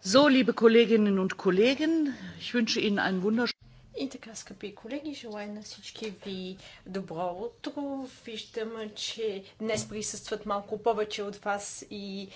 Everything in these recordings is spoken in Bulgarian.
so liebe kolleginnen und kollegen ich wünsche ihnen einen wunderschönen. И така, скъпи колеги, желая на всички ви добро утро. Виждам, че днес присъстват малко повече от вас и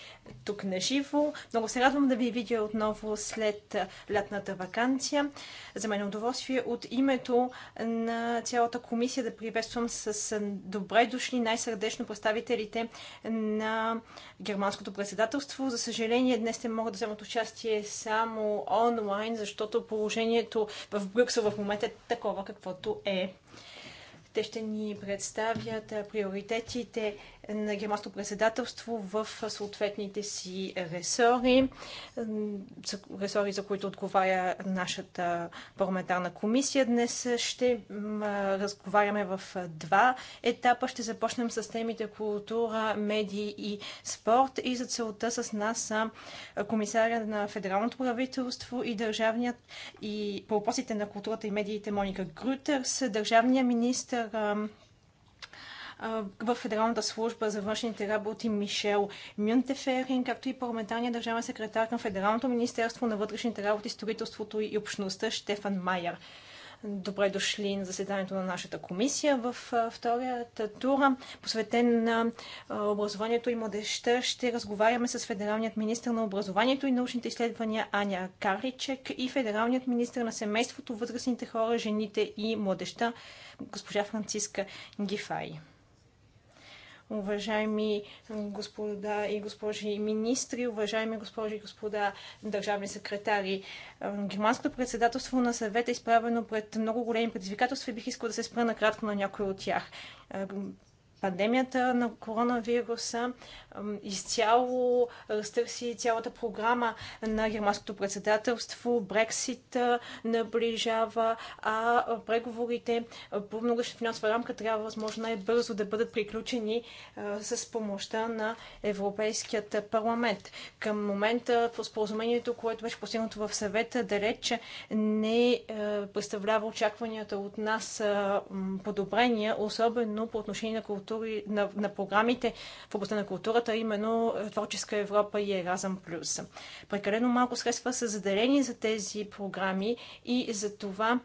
тук на живо. Много се радвам да ви видя отново след лятната вакансия. За мен е удоволствие от името на цялата комисия да приветствам с добре дошли най-сърдечно представителите на германското председателство. За съжаление, днес не могат да вземат участие само онлайн, защото положението в Брюксел в момента е такова, каквото е. Те ще ни представят приоритетите на германското председателство в съответните си ресори, ресори, за които отговаря нашата парламентарна комисия. Днес ще разговаряме в два етапа. Ще започнем с темите култура, медии и спорт и за целта с нас са комисаря на Федералното правителство и държавният и по въпросите на културата и медиите Моника Грутерс, държавният министр министър в Федералната служба за външните работи Мишел Мюнтеферин, както и парламентарния държавен секретар към Федералното министерство на вътрешните работи, строителството и общността Штефан Майер. Добре дошли на заседанието на нашата комисия в вторията тура, посветен на образованието и младеща. Ще разговаряме с федералният министр на образованието и научните изследвания Аня Каричек и федералният министр на семейството, възрастните хора, жените и младеща госпожа Франциска Гифай уважаеми господа и госпожи министри, уважаеми госпожи и господа държавни секретари. Германското председателство на съвета е изправено пред много големи предизвикателства и бих искал да се спра накратко на някои от тях пандемията на коронавируса изцяло разтърси цялата програма на германското председателство. Брексит наближава, а преговорите по многощна финансова рамка трябва възможно най-бързо да бъдат приключени с помощта на Европейският парламент. Към момента по споразумението, което беше постигнато в съвета, далеч не представлява очакванията от нас подобрения, особено по отношение на култура култури, на, на програмите в областта на културата, именно Творческа Европа и Еразъм Плюс. Прекалено малко средства са заделени за тези програми и за това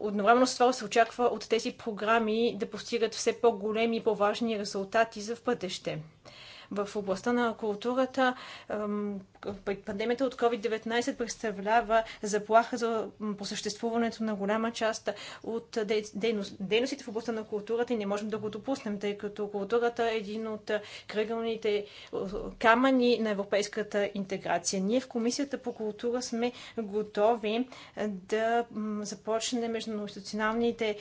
Одновременно с това се очаква от тези програми да постигат все по-големи и по-важни резултати за в бъдеще в областта на културата. Пандемията от COVID-19 представлява заплаха за посъществуването на голяма част от дейностите в областта на културата и не можем да го допуснем, тъй като културата е един от кръгълните камъни на европейската интеграция. Ние в Комисията по култура сме готови да започнем междуинституционалните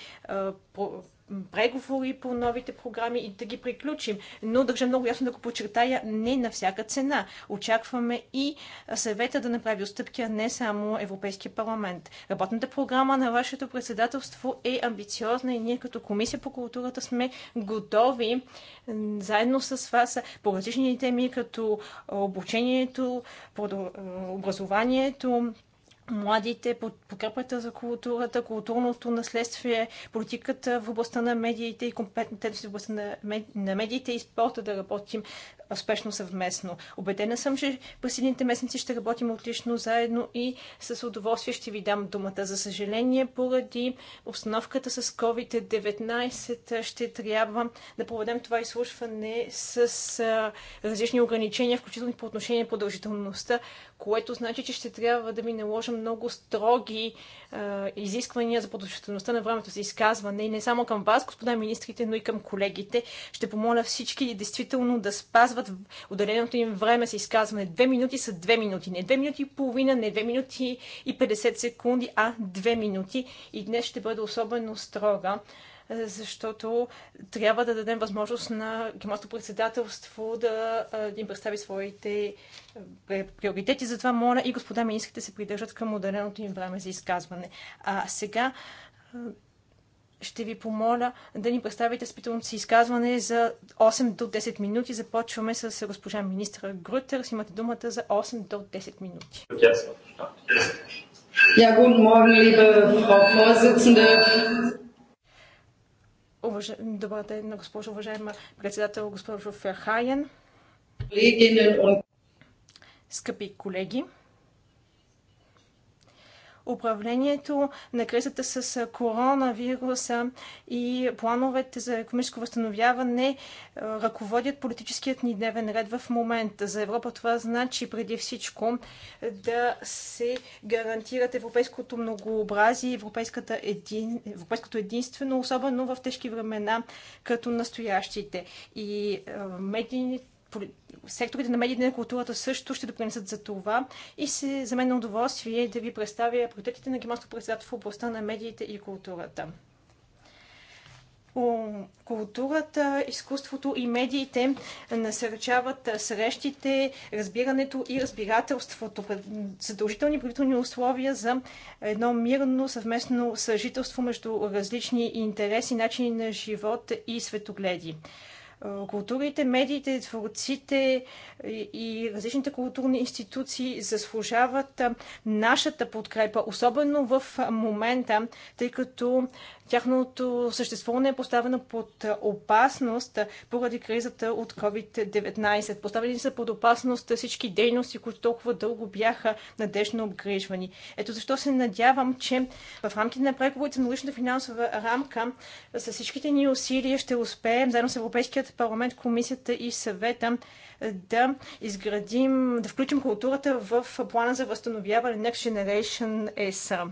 преговори по новите програми и да ги приключим. Но държа много ясно да го подчертая не на всяка цена. Очакваме и съвета да направи отстъпки, а не само Европейския парламент. Работната програма на вашето председателство е амбициозна и ние като Комисия по културата сме готови заедно с вас по различни теми, като обучението, образованието, младите, подкрепата за културата, културното наследствие, политиката в областта на медиите и компетентност в областта на медиите и спорта да работим успешно съвместно. Обедена съм, че през едните месеци ще работим отлично заедно и с удоволствие ще ви дам думата. За съжаление, поради обстановката с COVID-19 ще трябва да проведем това изслушване с различни ограничения, включително по отношение на продължителността, което значи, че ще трябва да ми наложа много строги а, изисквания за продължителността на времето за изказване и не само към вас, господа министрите, но и към колегите. Ще помоля всички действително да спазват казват отделеното им време за изказване. Две минути са две минути. Не две минути и половина, не две минути и 50 секунди, а две минути. И днес ще бъде особено строга защото трябва да дадем възможност на германското председателство да, да им представи своите приоритети. Затова моля и господа министрите се придържат към отделеното им време за изказване. А сега ще ви помоля да ни представите спитълното си изказване за 8 до 10 минути. Започваме с госпожа министра Грутер. Имате думата за 8 до 10 минути. Ja, guten Morgen, liebe Frau Vorsitzende. Уваж... Добър ден, на госпожа, уважаема председател, госпожо Ферхайен. Скъпи колеги, управлението на кризата с коронавируса и плановете за економическо възстановяване ръководят политическият ни дневен ред в момента. За Европа това значи преди всичко да се гарантират европейското многообразие, европейската един, европейското единствено, особено в тежки времена като настоящите. И медийните секторите на медиите на културата също ще допринесат за това и се, за мен е удоволствие да ви представя приоритетите на германското председателство в областта на медиите и културата. Културата, изкуството и медиите насърчават срещите, разбирането и разбирателството. Задължителни правителни условия за едно мирно съвместно съжителство между различни интереси, начини на живот и светогледи. Е, културите, медиите, творците и различните културни институции заслужават е, нашата подкрепа, особено в момента, тъй като Тяхното съществуване е поставено под опасност поради кризата от COVID-19. Поставени са под опасност всички дейности, които толкова дълго бяха надежно обгрижвани. Ето защо се надявам, че в рамките на преговорите на личната финансова рамка с всичките ни усилия ще успеем, заедно с Европейският парламент, комисията и съвета, да изградим, да включим културата в плана за възстановяване Next Generation ESA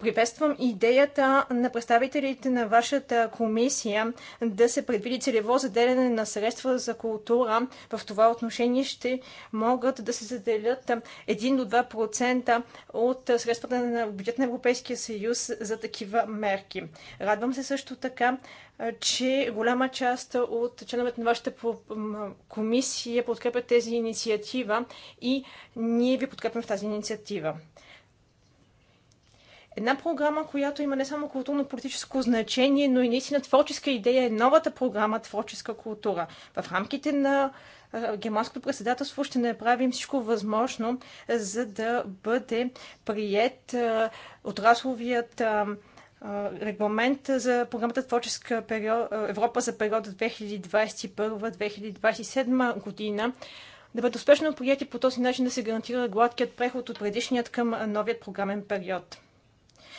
Приветствам идеята на представителите на вашата комисия да се предвиди целево заделяне на средства за култура. В това отношение ще могат да се заделят 1 до 2% от средствата на бюджет на Европейския съюз за такива мерки. Радвам се също така, че голяма част от членовете на вашата комисия подкрепят тези инициатива и ние ви подкрепим в тази инициатива. Една програма, която има не само културно-политическо значение, но и наистина творческа идея е новата програма Творческа култура. В рамките на германското председателство ще направим всичко възможно, за да бъде прият отрасловият регламент за програмата Творческа период, Европа за периода 2021-2027 година да бъдат успешно прияти по този начин да се гарантира гладкият преход от предишният към новият програмен период.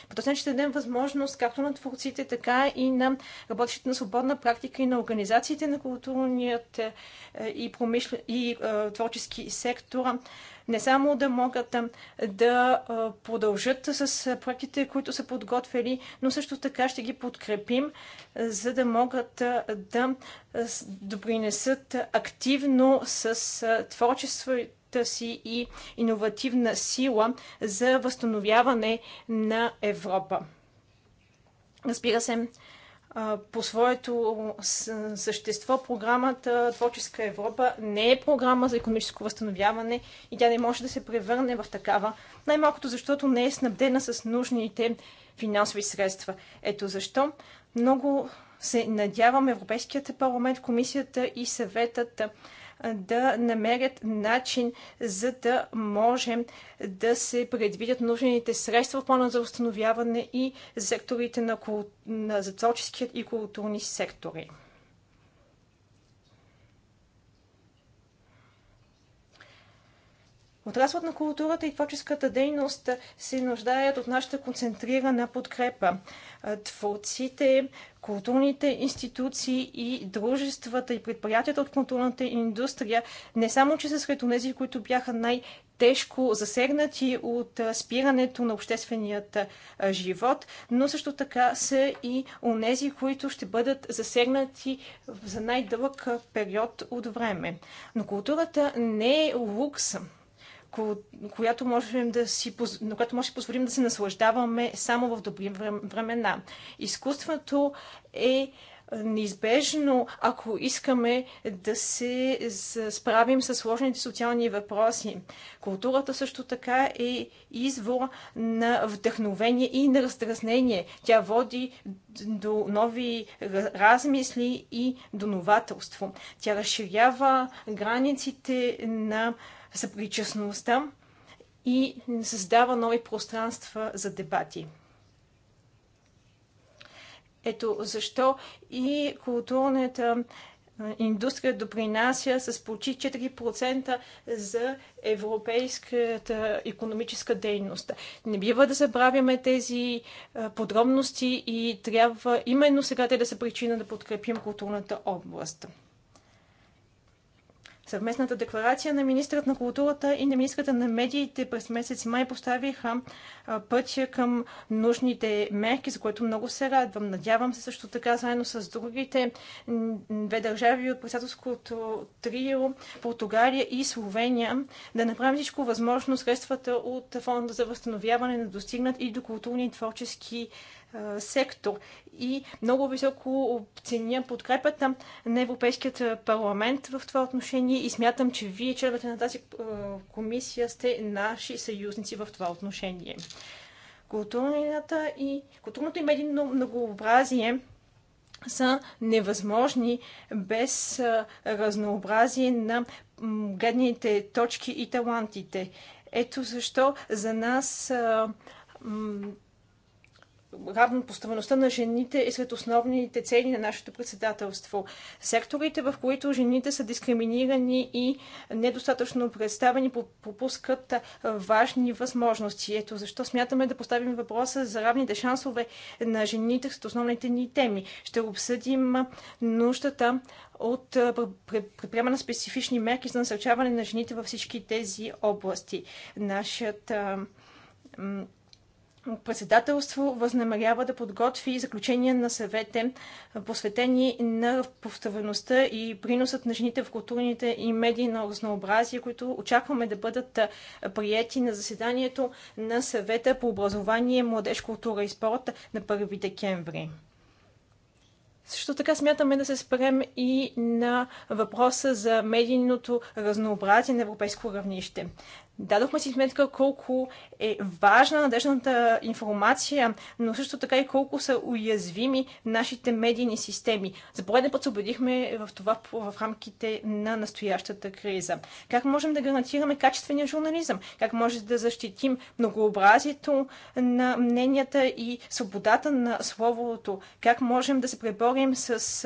По този начин ще дадем възможност както на творците, така и на работещите на свободна практика и на организациите на културният е, и, промишл... и е, творчески сектор е, не само да могат да продължат с проектите, които са подготвили, но също така ще ги подкрепим, за да могат да допринесат активно с творчество, си и иновативна сила за възстановяване на Европа. Разбира се, по своето същество програмата Творческа Европа не е програма за економическо възстановяване и тя не може да се превърне в такава, най-малкото защото не е снабдена с нужните финансови средства. Ето защо много се надявам Европейският парламент, комисията и съветът да намерят начин за да можем да се предвидят нужните средства в плана за установяване и секторите на, на за творческият и културни сектори. Отраслът на културата и творческата дейност се нуждаят от нашата концентрирана подкрепа. Творците, културните институции и дружествата и предприятията от културната индустрия не само, че са сред тези, които бяха най-тежко засегнати от спирането на общественият живот, но също така са и онези, които ще бъдат засегнати за най-дълъг период от време. Но културата не е лукс която можем да си, на която може да си позволим да се наслаждаваме само в добри времена. Изкуството е, е неизбежно, ако искаме да се справим с сложните социални въпроси. Културата също така е извор на вдъхновение и на раздразнение. Тя води до нови размисли и до нователство. Тя разширява границите на съпричастността и създава нови пространства за дебати. Ето защо и културната индустрия допринася с почти 4% за европейската економическа дейност. Не бива да забравяме тези подробности и трябва именно сега те да са причина да подкрепим културната област. Съвместната декларация на министрът на културата и на министрата на медиите през месец май поставиха пътя към нужните мерки, за което много се радвам. Надявам се също така, заедно с другите две държави от председателското трио, Португалия и Словения, да направим всичко възможно средствата от фонда за възстановяване да достигнат и до културни и творчески сектор. И много високо ценя подкрепата на Европейският парламент в това отношение и смятам, че вие, членовете на тази комисия, сте наши съюзници в това отношение. Културната и, културното и медийно многообразие са невъзможни без разнообразие на гледните точки и талантите. Ето защо за нас поставеността на жените е сред основните цели на нашето председателство. Секторите, в които жените са дискриминирани и недостатъчно представени, пропускат важни възможности. Ето защо смятаме да поставим въпроса за равните шансове на жените с основните ни теми. Ще обсъдим нуждата от предприема на специфични мерки за насърчаване на жените във всички тези области. Нашият председателство възнамерява да подготви заключения на съвете, посветени на повторността и приносът на жените в културните и медии на разнообразие, които очакваме да бъдат приети на заседанието на съвета по образование, младеж, култура и спорт на 1 декември. Също така смятаме да се спрем и на въпроса за медийното разнообразие на европейско равнище. Дадохме си сметка колко е важна надежната информация, но също така и колко са уязвими нашите медийни системи. За пореден път се убедихме в това в рамките на настоящата криза. Как можем да гарантираме качествения журнализъм? Как може да защитим многообразието на мненията и свободата на словото? Как можем да се преборим с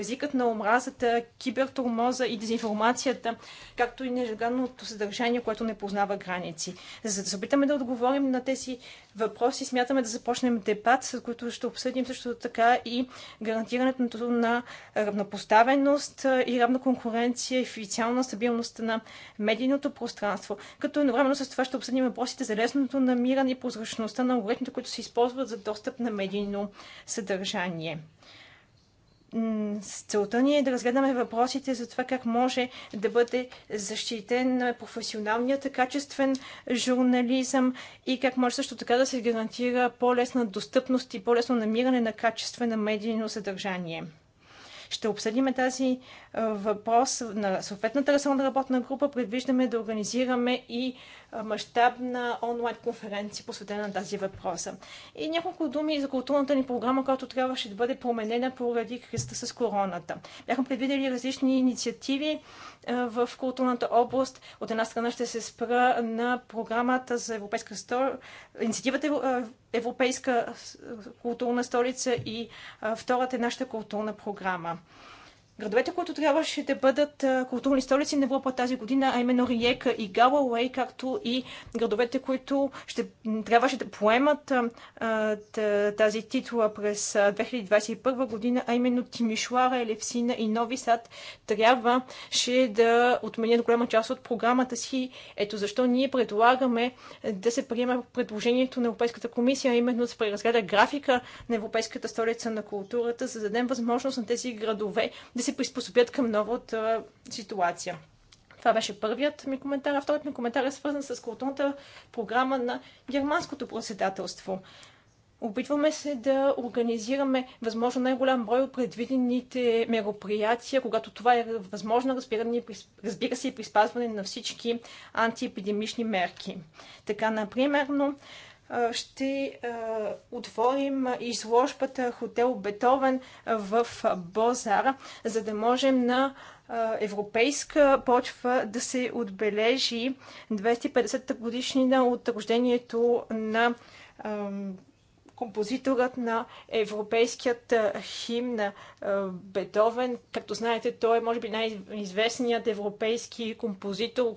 езикът на омразата, кибертурмоза и дезинформацията, както и нежеганното съдържание, което не познава граници. За да се опитаме да отговорим на тези въпроси, смятаме да започнем дебат, с който ще обсъдим също така и гарантирането на равнопоставеност и равна конкуренция и официална стабилност на медийното пространство. Като едновременно с това ще обсъдим въпросите за лесното намиране и прозрачността на алгоритмите, които се използват за достъп на медийно съдържание целта ни е да разгледаме въпросите за това как може да бъде защитен професионалният качествен журнализъм и как може също така да се гарантира по-лесна достъпност и по-лесно намиране на качествено медийно съдържание. Ще обсъдим тази въпрос на съответната ресурсна работна група. Предвиждаме да организираме и мащабна онлайн конференция, посветена на тази въпроса. И няколко думи за културната ни програма, която трябваше да бъде променена поради кризата с короната. Бяхме предвидели различни инициативи в културната област. От една страна ще се спра на програмата за Европейска столица, инициативата Европейска културна столица и втората е нашата културна програма градовете, които трябваше да бъдат културни столици на Европа тази година, а именно Риека и Галауей, както и градовете, които ще, трябваше да поемат тази титла през 2021 година, а именно Тимишуара, Елевсина и Нови Сад, трябваше да отменят голяма част от програмата си. Ето защо ние предлагаме да се приема предложението на Европейската комисия, именно да се преразгледа графика на Европейската столица на културата, за да дадем възможност на тези градове да се се приспособят към новата ситуация. Това беше първият ми коментар. А вторият ми коментар е свързан с културната програма на германското проседателство. Опитваме се да организираме възможно най-голям брой от предвидените мероприятия, когато това е възможно, разбира се и при спазване на всички антиепидемични мерки. Така, например, ще отворим изложбата Хотел Бетовен в Бозар, за да можем на европейска почва да се отбележи 250-та годишнина от рождението на композиторът на европейският химн Бетовен. Както знаете, той е може би най-известният европейски композитор,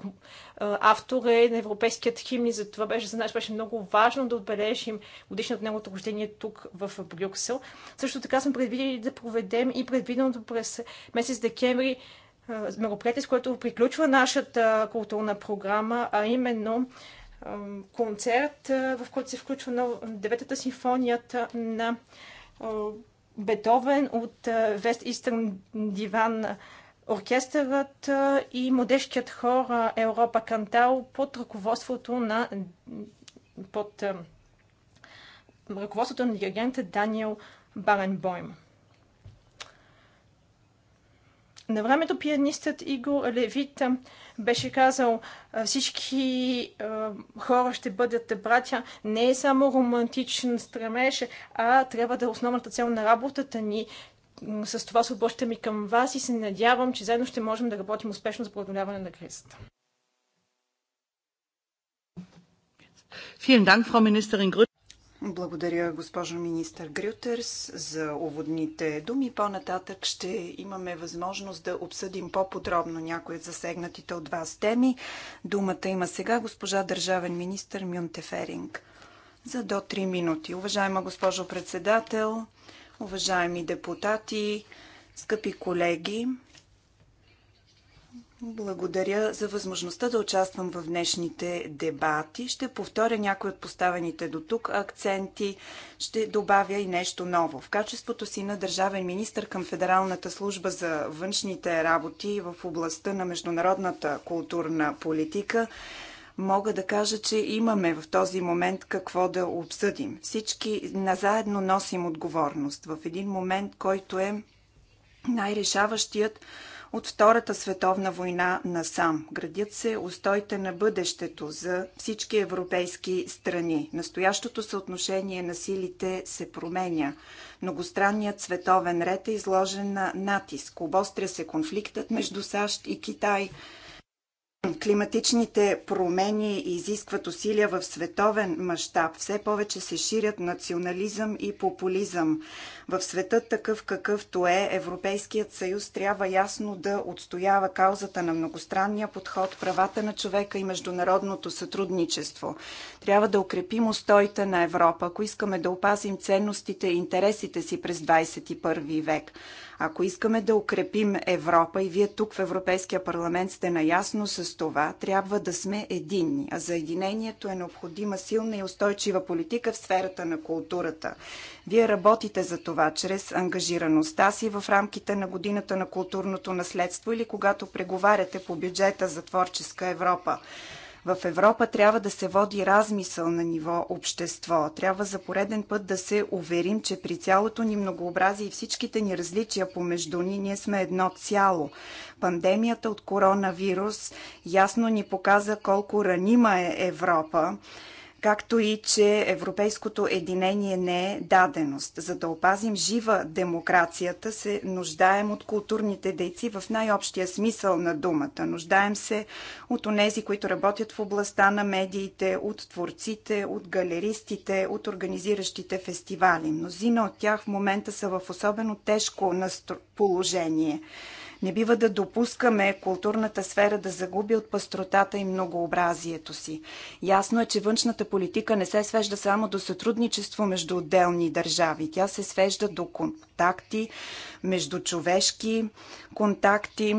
автор е на европейският химн и затова беше за нас беше много важно да отбележим годишното от неговото рождение тук в Брюксел. Също така сме предвидели да проведем и предвиденото през месец декември мероприятие, с което приключва нашата културна програма, а именно концерт, в който се включва на деветата симфонията на Бетовен от Вест Истърн Диван оркестърът и младежкият хор Европа Кантал под ръководството на под ръководството на диригента Даниел Баренбойм. На времето пианистът Иго Левит беше казал всички хора ще бъдат братя, не е само романтичен стремеж, а трябва да е основната цел на работата ни. С това се обръщам и към вас и се надявам, че заедно ще можем да работим успешно за преодоляване на кризата. Vielen Dank, Frau Ministerin Grün. Благодаря, госпожо министър Грютерс, за уводните думи. По-нататък ще имаме възможност да обсъдим по-подробно някои от засегнатите от вас теми. Думата има сега госпожа държавен министър Мюнте Феринг за до 3 минути. Уважаема госпожо председател, уважаеми депутати, скъпи колеги, благодаря за възможността да участвам в днешните дебати. Ще повторя някои от поставените до тук акценти. Ще добавя и нещо ново. В качеството си на държавен министр към Федералната служба за външните работи в областта на международната културна политика, мога да кажа, че имаме в този момент какво да обсъдим. Всички назаедно носим отговорност в един момент, който е най-решаващият от Втората световна война насам. Градят се Устойте на бъдещето за всички европейски страни. Настоящото съотношение на силите се променя. Многостранният световен ред е изложен на натиск. Обостря се конфликтът между САЩ и Китай – Климатичните промени изискват усилия в световен мащаб. Все повече се ширят национализъм и популизъм. В света такъв какъвто е, Европейският съюз трябва ясно да отстоява каузата на многостранния подход, правата на човека и международното сътрудничество. Трябва да укрепим устоите на Европа, ако искаме да опазим ценностите и интересите си през 21 век. Ако искаме да укрепим Европа и вие тук в Европейския парламент сте наясно с това, трябва да сме единни. А за единението е необходима силна и устойчива политика в сферата на културата. Вие работите за това чрез ангажираността си в рамките на годината на културното наследство или когато преговаряте по бюджета за творческа Европа. В Европа трябва да се води размисъл на ниво общество. Трябва за пореден път да се уверим, че при цялото ни многообразие и всичките ни различия помежду ни, ние сме едно цяло. Пандемията от коронавирус ясно ни показа колко ранима е Европа както и че европейското единение не е даденост. За да опазим жива демокрацията, се нуждаем от културните дейци в най-общия смисъл на думата. Нуждаем се от онези, които работят в областта на медиите, от творците, от галеристите, от организиращите фестивали. Мнозина от тях в момента са в особено тежко положение. Не бива да допускаме културната сфера да загуби от пастротата и многообразието си. Ясно е, че външната политика не се свежда само до сътрудничество между отделни държави. Тя се свежда до контакти, между човешки контакти,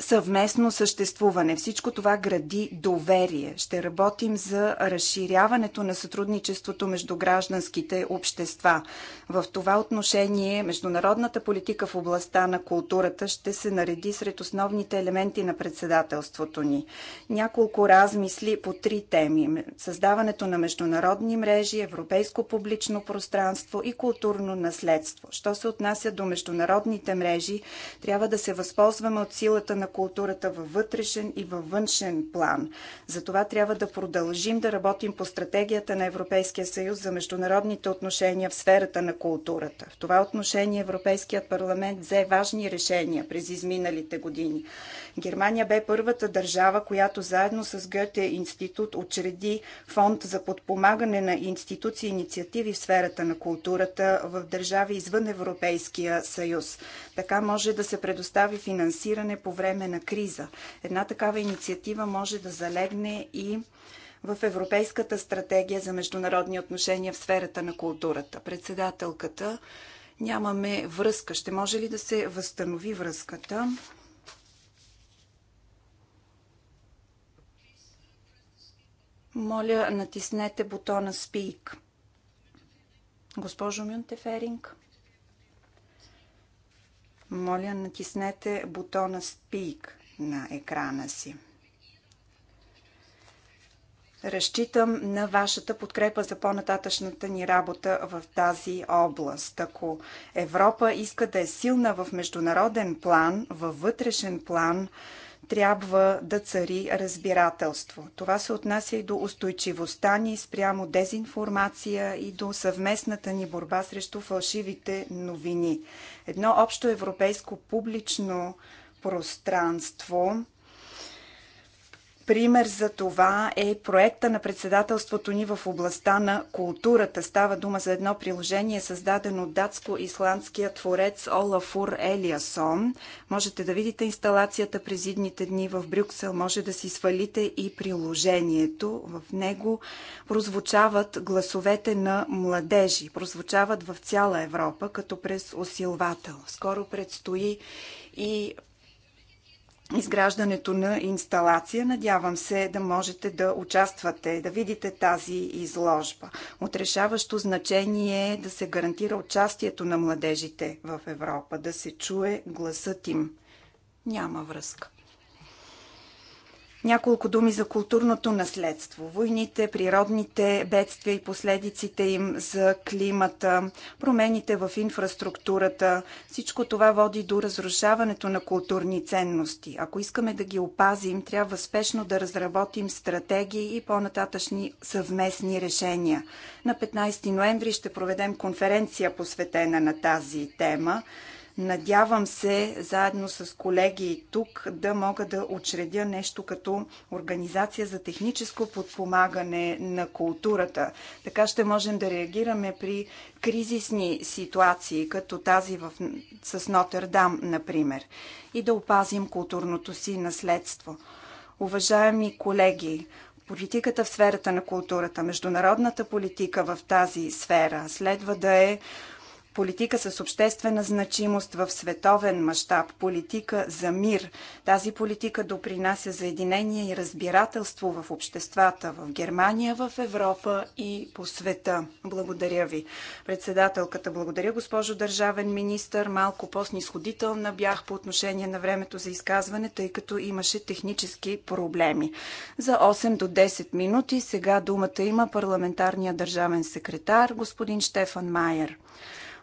съвместно съществуване. Всичко това гради доверие. Ще работим за разширяването на сътрудничеството между гражданските общества. В това отношение международната политика в областта на културата ще се нареди сред основните елементи на председателството ни. Няколко размисли по три теми. Създаването на международни мрежи, европейско публично пространство и културно наследство. Що се отнася до международните мрежи, трябва да се възползваме от силата на културата във вътрешен и във външен план. Затова трябва да продължим да работим по стратегията на Европейския съюз за международните отношения в сферата на културата. В това отношение Европейският парламент взе важни решения през изминалите години. Германия бе първата държава, която заедно с Гъте институт учреди фонд за подпомагане на институции и инициативи в сферата на културата в държави извън Европейския съюз. Така може да се предостави финансиране по време на криза. Една такава инициатива може да залегне и в Европейската стратегия за международни отношения в сферата на културата. Председателката нямаме връзка. Ще може ли да се възстанови връзката? Моля, натиснете бутона Speak. Госпожо Мюнтеферинг, моля, натиснете бутона Speak на екрана си. Разчитам на вашата подкрепа за по-нататъчната ни работа в тази област. Ако Европа иска да е силна в международен план, във вътрешен план, трябва да цари разбирателство. Това се отнася и до устойчивостта ни спрямо дезинформация и до съвместната ни борба срещу фалшивите новини. Едно общо европейско публично пространство Пример за това е проекта на председателството ни в областта на културата. Става дума за едно приложение, създадено от датско-исландския творец Олафур Елиасон. Можете да видите инсталацията през идните дни в Брюксел. Може да си свалите и приложението. В него прозвучават гласовете на младежи. Прозвучават в цяла Европа, като през усилвател. Скоро предстои и изграждането на инсталация. Надявам се да можете да участвате, да видите тази изложба. Отрешаващо значение е да се гарантира участието на младежите в Европа, да се чуе гласът им. Няма връзка. Няколко думи за културното наследство. Войните, природните бедствия и последиците им за климата, промените в инфраструктурата, всичко това води до разрушаването на културни ценности. Ако искаме да ги опазим, трябва спешно да разработим стратегии и по-нататъчни съвместни решения. На 15 ноември ще проведем конференция посветена на тази тема. Надявам се, заедно с колеги тук, да мога да учредя нещо като Организация за техническо подпомагане на културата. Така ще можем да реагираме при кризисни ситуации, като тази в... с Нотърдам, например, и да опазим културното си наследство. Уважаеми колеги, политиката в сферата на културата, международната политика в тази сфера следва да е политика с обществена значимост в световен мащаб, политика за мир. Тази политика допринася за единение и разбирателство в обществата в Германия, в Европа и по света. Благодаря ви. Председателката, благодаря госпожо държавен министр. Малко по-снисходителна бях по отношение на времето за изказване, тъй като имаше технически проблеми. За 8 до 10 минути сега думата има парламентарния държавен секретар господин Штефан Майер.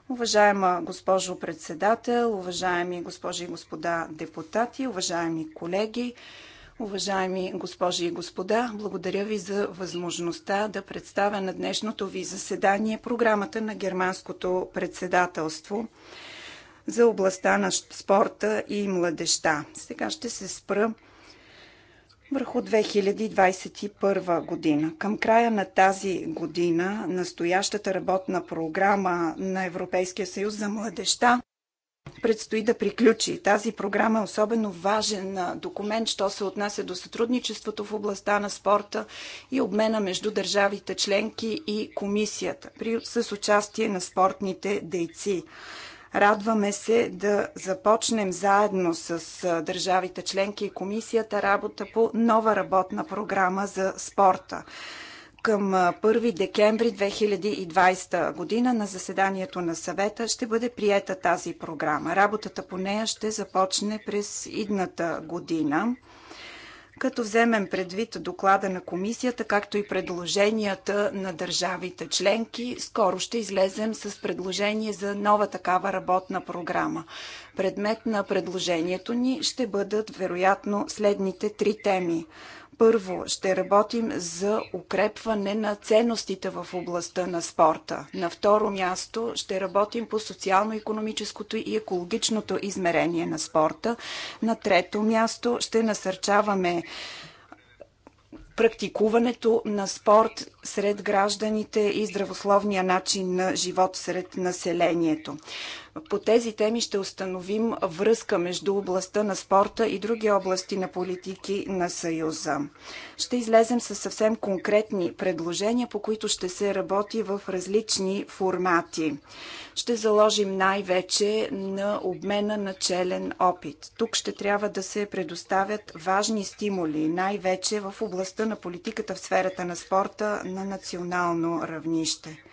Уважаема госпожо председател, уважаеми госпожи и господа депутати, уважаеми колеги, уважаеми госпожи и господа, благодаря ви за възможността да представя на днешното ви заседание програмата на германското председателство за областта на спорта и младеща. Сега ще се спра върху 2021 година. Към края на тази година настоящата работна програма на Европейския съюз за младеща предстои да приключи. Тази програма е особено важен документ, що се отнася до сътрудничеството в областта на спорта и обмена между държавите членки и комисията при, с участие на спортните дейци. Радваме се да започнем заедно с държавите членки и комисията работа по нова работна програма за спорта към 1 декември 2020 година на заседанието на съвета ще бъде приета тази програма. Работата по нея ще започне през идната година като вземем предвид доклада на комисията, както и предложенията на държавите членки, скоро ще излезем с предложение за нова такава работна програма. Предмет на предложението ни ще бъдат вероятно следните три теми. Първо, ще работим за укрепване на ценностите в областта на спорта. На второ място, ще работим по социално-економическото и екологичното измерение на спорта. На трето място, ще насърчаваме практикуването на спорт сред гражданите и здравословния начин на живот сред населението. По тези теми ще установим връзка между областта на спорта и други области на политики на Съюза. Ще излезем с съвсем конкретни предложения, по които ще се работи в различни формати. Ще заложим най-вече на обмена на челен опит. Тук ще трябва да се предоставят важни стимули, най-вече в областта на политиката в сферата на спорта на национално равнище.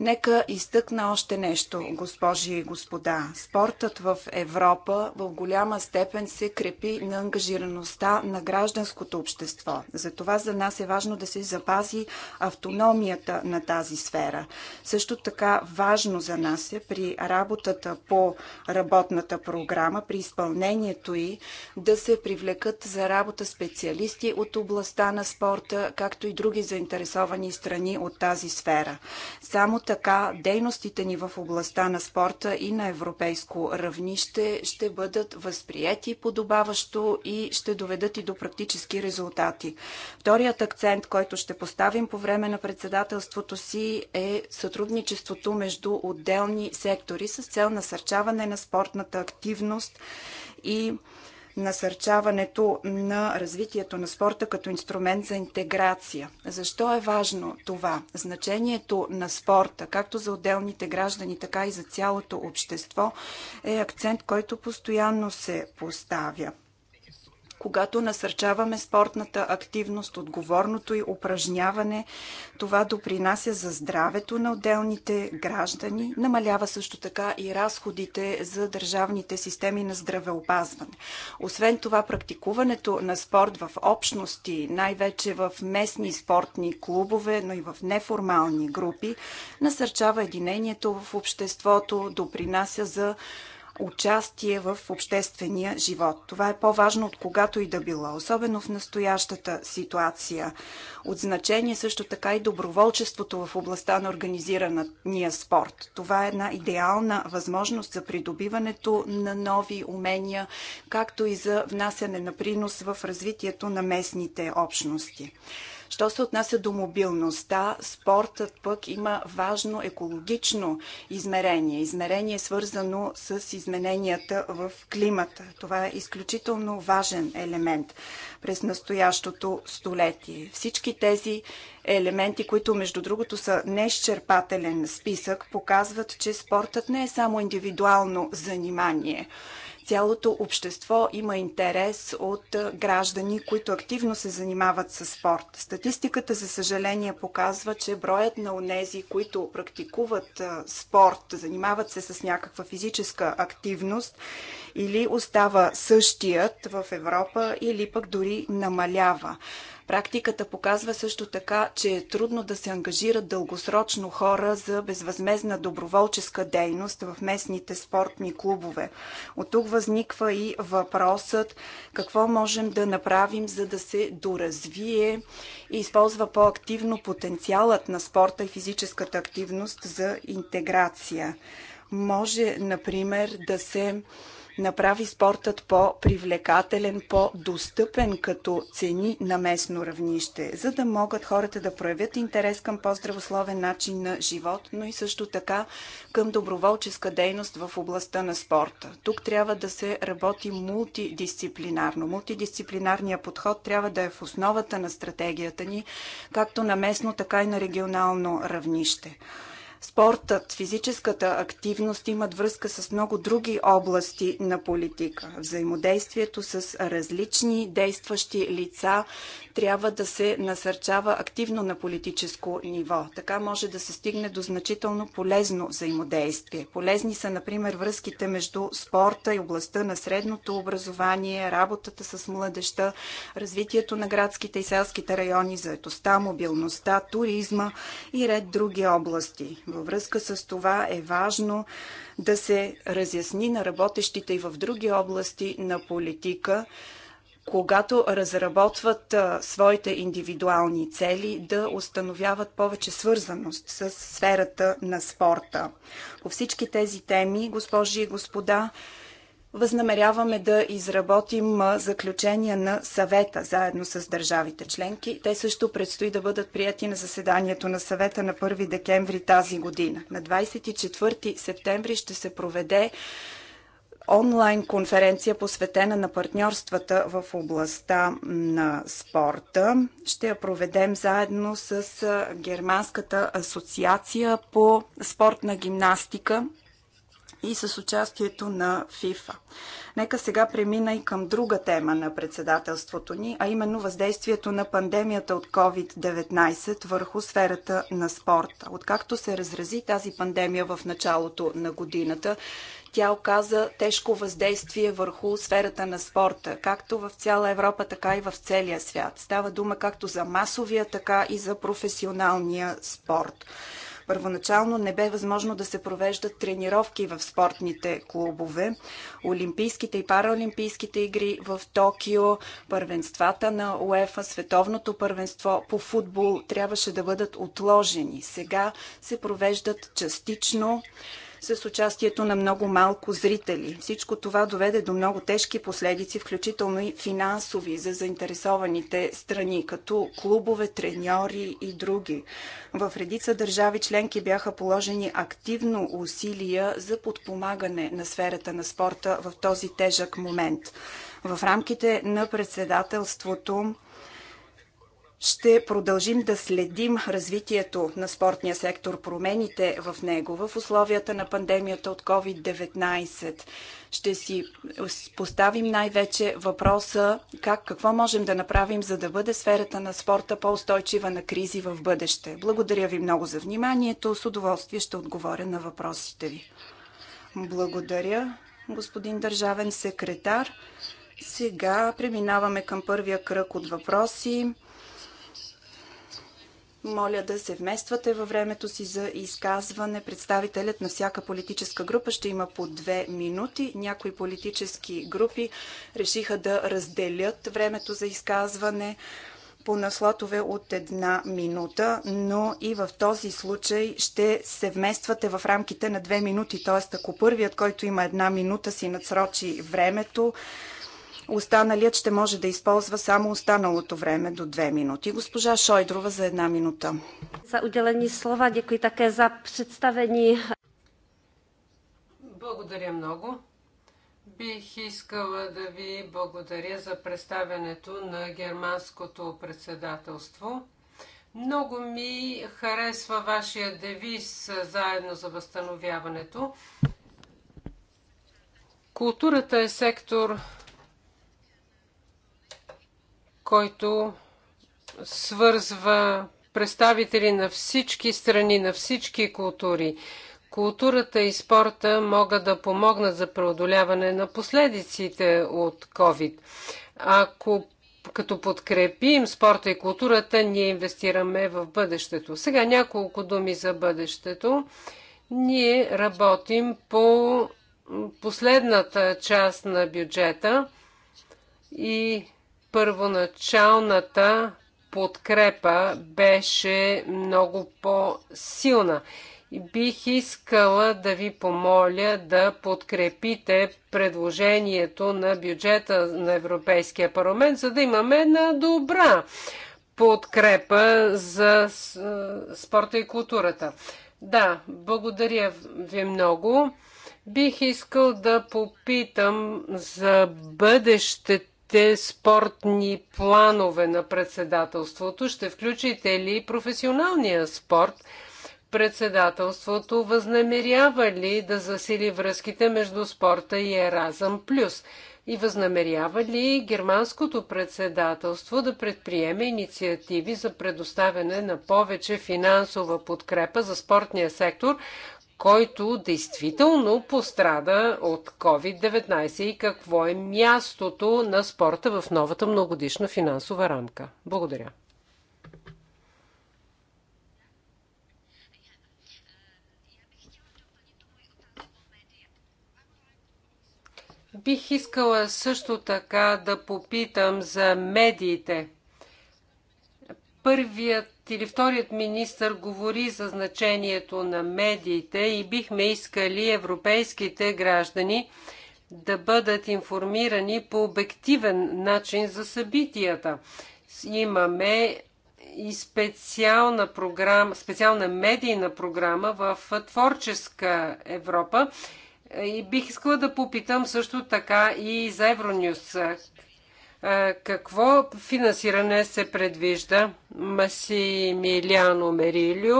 Нека изтъкна още нещо, госпожи и господа. Спортът в Европа в голяма степен се крепи на ангажираността на гражданското общество. Затова за нас е важно да се запази автономията на тази сфера. Също така важно за нас е при работата по работната програма, при изпълнението й, да се привлекат за работа специалисти от областта на спорта, както и други заинтересовани страни от тази сфера. Само така дейностите ни в областта на спорта и на европейско равнище ще бъдат възприяти подобаващо и ще доведат и до практически резултати. Вторият акцент, който ще поставим по време на председателството си е сътрудничеството между отделни сектори с цел насърчаване на спортната активност и насърчаването на развитието на спорта като инструмент за интеграция. Защо е важно това? Значението на спорта, както за отделните граждани, така и за цялото общество, е акцент, който постоянно се поставя когато насърчаваме спортната активност, отговорното й упражняване, това допринася за здравето на отделните граждани, намалява също така и разходите за държавните системи на здравеопазване. Освен това, практикуването на спорт в общности, най-вече в местни спортни клубове, но и в неформални групи, насърчава единението в обществото, допринася за участие в обществения живот. Това е по-важно от когато и да било, особено в настоящата ситуация. От значение също така и доброволчеството в областта на организирания спорт. Това е една идеална възможност за придобиването на нови умения, както и за внасяне на принос в развитието на местните общности. Що се отнася до мобилността, спортът пък има важно екологично измерение. Измерение свързано с измененията в климата. Това е изключително важен елемент през настоящото столетие. Всички тези елементи, които между другото са неизчерпателен списък, показват, че спортът не е само индивидуално занимание. Цялото общество има интерес от граждани, които активно се занимават с спорт. Статистиката, за съжаление, показва, че броят на онези, които практикуват спорт, занимават се с някаква физическа активност, или остава същият в Европа, или пък дори намалява. Практиката показва също така, че е трудно да се ангажират дългосрочно хора за безвъзмезна доброволческа дейност в местните спортни клубове. От тук възниква и въпросът какво можем да направим, за да се доразвие и използва по-активно потенциалът на спорта и физическата активност за интеграция. Може, например, да се направи спортът по-привлекателен, по-достъпен като цени на местно равнище, за да могат хората да проявят интерес към по-здравословен начин на живот, но и също така към доброволческа дейност в областта на спорта. Тук трябва да се работи мултидисциплинарно. Мултидисциплинарният подход трябва да е в основата на стратегията ни, както на местно, така и на регионално равнище. Спортът, физическата активност имат връзка с много други области на политика. Взаимодействието с различни действащи лица трябва да се насърчава активно на политическо ниво. Така може да се стигне до значително полезно взаимодействие. Полезни са, например, връзките между спорта и областта на средното образование, работата с младеща, развитието на градските и селските райони, заетостта, мобилността, туризма и ред други области. Във връзка с това е важно да се разясни на работещите и в други области на политика, когато разработват а, своите индивидуални цели, да установяват повече свързаност с сферата на спорта. По всички тези теми, госпожи и господа, Възнамеряваме да изработим заключения на съвета заедно с държавите членки. Те също предстои да бъдат прияти на заседанието на съвета на 1 декември тази година. На 24 септември ще се проведе онлайн конференция, посветена на партньорствата в областта на спорта. Ще я проведем заедно с Германската асоциация по спортна гимнастика и с участието на ФИФА. Нека сега премина и към друга тема на председателството ни, а именно въздействието на пандемията от COVID-19 върху сферата на спорта. Откакто се разрази тази пандемия в началото на годината, тя оказа тежко въздействие върху сферата на спорта, както в цяла Европа, така и в целия свят. Става дума както за масовия, така и за професионалния спорт. Първоначално не бе възможно да се провеждат тренировки в спортните клубове. Олимпийските и параолимпийските игри в Токио, първенствата на УЕФА, световното първенство по футбол трябваше да бъдат отложени. Сега се провеждат частично с участието на много малко зрители. Всичко това доведе до много тежки последици, включително и финансови за заинтересованите страни, като клубове, треньори и други. В редица държави членки бяха положени активно усилия за подпомагане на сферата на спорта в този тежък момент. В рамките на председателството ще продължим да следим развитието на спортния сектор, промените в него в условията на пандемията от COVID-19. Ще си поставим най-вече въпроса как, какво можем да направим, за да бъде сферата на спорта по-устойчива на кризи в бъдеще. Благодаря ви много за вниманието. С удоволствие ще отговоря на въпросите ви. Благодаря, господин държавен секретар. Сега преминаваме към първия кръг от въпроси. Моля да се вмествате във времето си за изказване. Представителят на всяка политическа група ще има по две минути. Някои политически групи решиха да разделят времето за изказване по наслотове от една минута, но и в този случай ще се вмествате в рамките на две минути. Т.е. ако първият, който има една минута, си надсрочи времето, Останалият ще може да използва само останалото време до две минути. Госпожа Шойдрова за една минута. За отделени слова, дякую така за представени. Благодаря много. Бих искала да ви благодаря за представянето на германското председателство. Много ми харесва вашия девиз заедно за възстановяването. Културата е сектор, който свързва представители на всички страни, на всички култури. Културата и спорта могат да помогнат за преодоляване на последиците от COVID. Ако като подкрепим спорта и културата, ние инвестираме в бъдещето. Сега няколко думи за бъдещето. Ние работим по последната част на бюджета и първоначалната подкрепа беше много по-силна. Бих искала да ви помоля да подкрепите предложението на бюджета на Европейския парламент, за да имаме една добра подкрепа за спорта и културата. Да, благодаря ви много. Бих искал да попитам за бъдещето те спортни планове на председателството? Ще включите ли професионалния спорт? Председателството възнамерява ли да засили връзките между спорта и Еразъм Плюс? И възнамерява ли германското председателство да предприеме инициативи за предоставяне на повече финансова подкрепа за спортния сектор, който действително пострада от COVID-19 и какво е мястото на спорта в новата многодишна финансова рамка. Благодаря. Бих искала също така да попитам за медиите първият или вторият министр говори за значението на медиите и бихме искали европейските граждани да бъдат информирани по обективен начин за събитията. Имаме и специална, програма, специална медийна програма в Творческа Европа. И бих искала да попитам също така и за Евронюс. Какво финансиране се предвижда? Масимилиано Мерилио.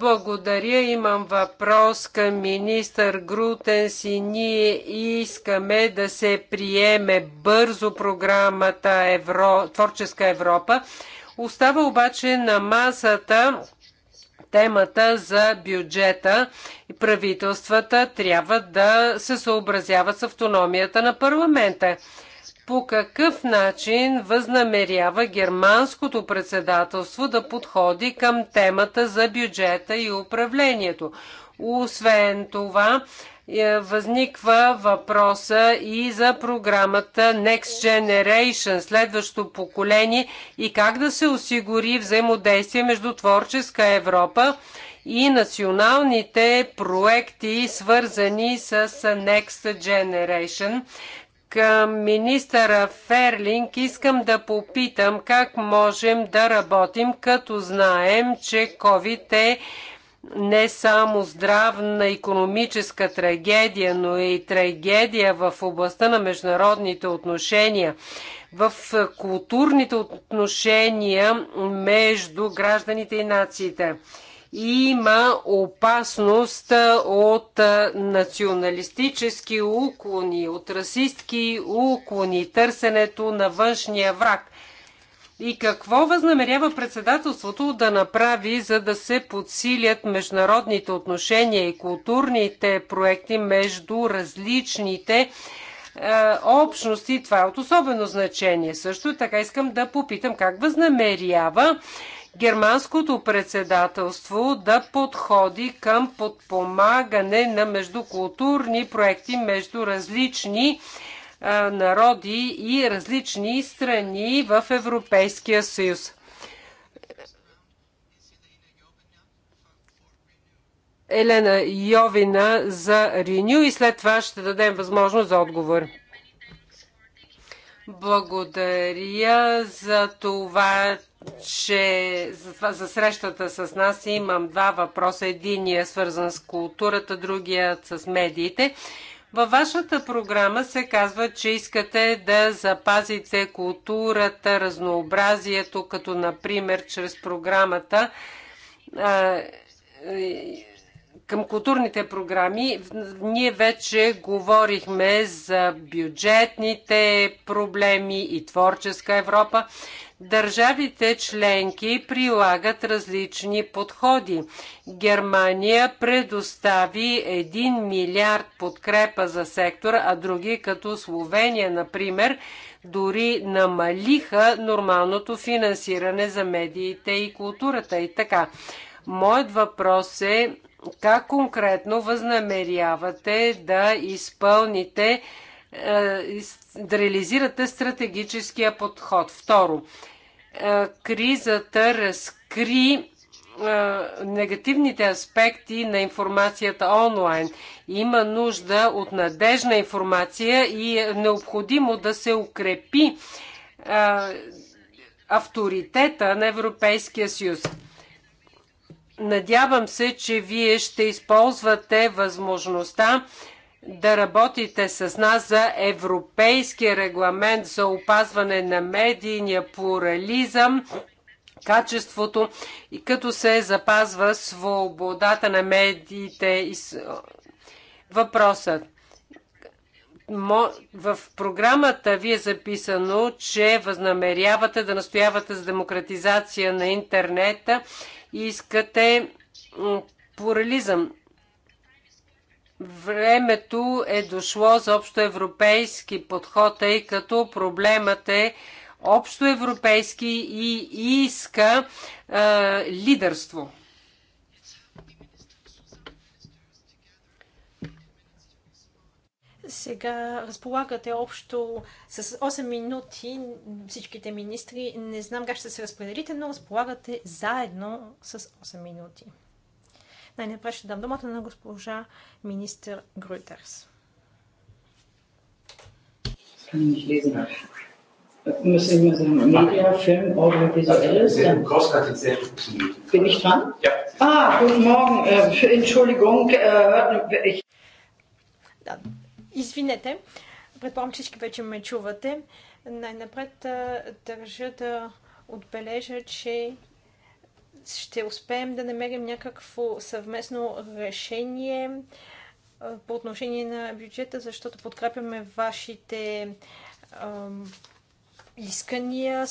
Благодаря. Имам въпрос към министър Грутенс и ние искаме да се приеме бързо програмата Евро... Творческа Европа. Остава обаче на масата темата за бюджета и правителствата трябва да се съобразяват с автономията на парламента по какъв начин възнамерява германското председателство да подходи към темата за бюджета и управлението. Освен това, е, възниква въпроса и за програмата Next Generation, следващо поколение и как да се осигури взаимодействие между творческа Европа и националните проекти, свързани с Next Generation към министъра Ферлинг искам да попитам как можем да работим, като знаем, че COVID е не само здравна економическа трагедия, но и трагедия в областта на международните отношения, в културните отношения между гражданите и нациите има опасност от националистически уклони, от расистки уклони, търсенето на външния враг. И какво възнамерява председателството да направи, за да се подсилят международните отношения и културните проекти между различните общности. Това е от особено значение. Също така искам да попитам как възнамерява германското председателство да подходи към подпомагане на междукултурни проекти между различни а, народи и различни страни в Европейския съюз. Елена Йовина за Реню и след това ще дадем възможност за отговор. Благодаря за това, че за, за срещата с нас имам два въпроса. Единият е свързан с културата, другият с медиите. Във вашата програма се казва, че искате да запазите културата, разнообразието, като например чрез програмата към културните програми. Ние вече говорихме за бюджетните проблеми и творческа Европа. Държавите членки прилагат различни подходи. Германия предостави 1 милиард подкрепа за сектора, а други, като Словения, например, дори намалиха нормалното финансиране за медиите и културата и така. Моят въпрос е как конкретно възнамерявате да изпълните, е, да реализирате стратегическия подход? Второ, е, кризата разкри е, негативните аспекти на информацията онлайн. Има нужда от надежна информация и е необходимо да се укрепи авторитета на Европейския съюз. Надявам се, че вие ще използвате възможността да работите с нас за европейски регламент за опазване на медийния плурализъм, качеството и като се запазва свободата на медиите. Въпросът в програмата ви е записано, че възнамерявате да настоявате за демократизация на интернета Искате плурализъм. Времето е дошло за общоевропейски подход, тъй като проблемът е общоевропейски и иска лидерство. Сега разполагате общо с 8 минути всичките министри. Не знам как ще се разпределите, но разполагате заедно с 8 минути. Най-напред ще дам думата на госпожа министър Грутерс. Müssen wir sagen, Media, Film, Bin ich dran? Ja. Ah, guten Morgen. Entschuldigung. ich... Äh, извинете. Предполагам, че всички вече ме чувате. Най-напред държа да отбележа, че ще успеем да намерим някакво съвместно решение по отношение на бюджета, защото подкрепяме вашите искания.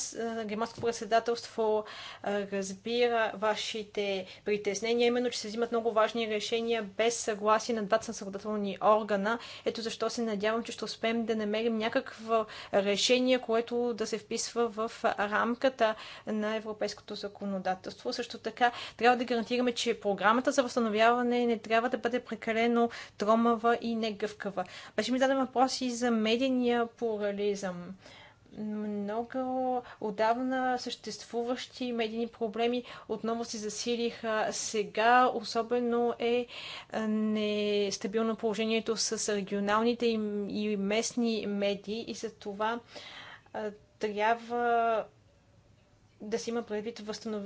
Германското председателство разбира вашите притеснения, именно, че се взимат много важни решения без съгласие на двата съгласователни органа. Ето защо се надявам, че ще успеем да намерим някакво решение, което да се вписва в рамката на европейското законодателство. Също така трябва да гарантираме, че програмата за възстановяване не трябва да бъде прекалено тромава и негъвкава. Беше ми даден въпроси за медийния плурализъм много отдавна съществуващи медийни проблеми отново се засилиха сега. Особено е нестабилно положението с регионалните и местни медии и за това трябва да се има предвид възстанов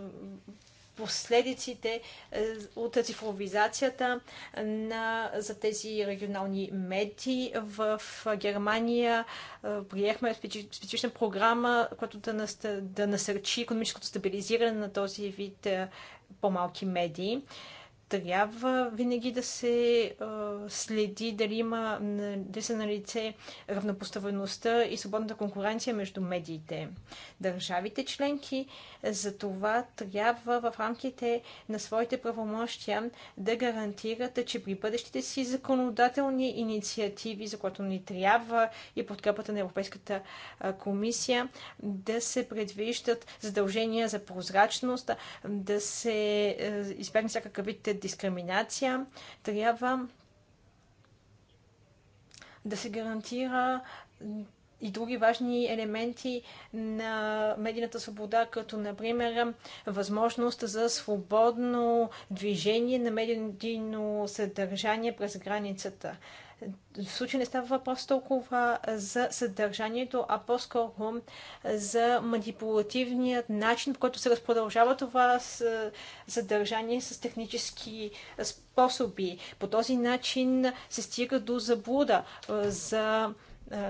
последиците е, от цифровизацията е, на, за тези регионални медии. В Германия е, приехме специфична програма, която да, да насърчи економическото стабилизиране на този вид по-малки медии трябва винаги да се а, следи дали има, дали са на лице равнопоставеността и свободната конкуренция между медиите. Държавите членки за това трябва в рамките на своите правомощия да гарантират, че при бъдещите си законодателни инициативи, за което ни трябва и подкрепата на Европейската комисия, да се предвиждат задължения за прозрачност, да се избегне всякакъв вид дискриминация. Трябва да се гарантира и други важни елементи на медийната свобода, като например възможност за свободно движение на медийно съдържание през границата. В случай не става въпрос толкова за съдържанието, а по-скоро за манипулативният начин, в който се разпродължава това е, съдържание с технически способи. По този начин се стига до заблуда е, за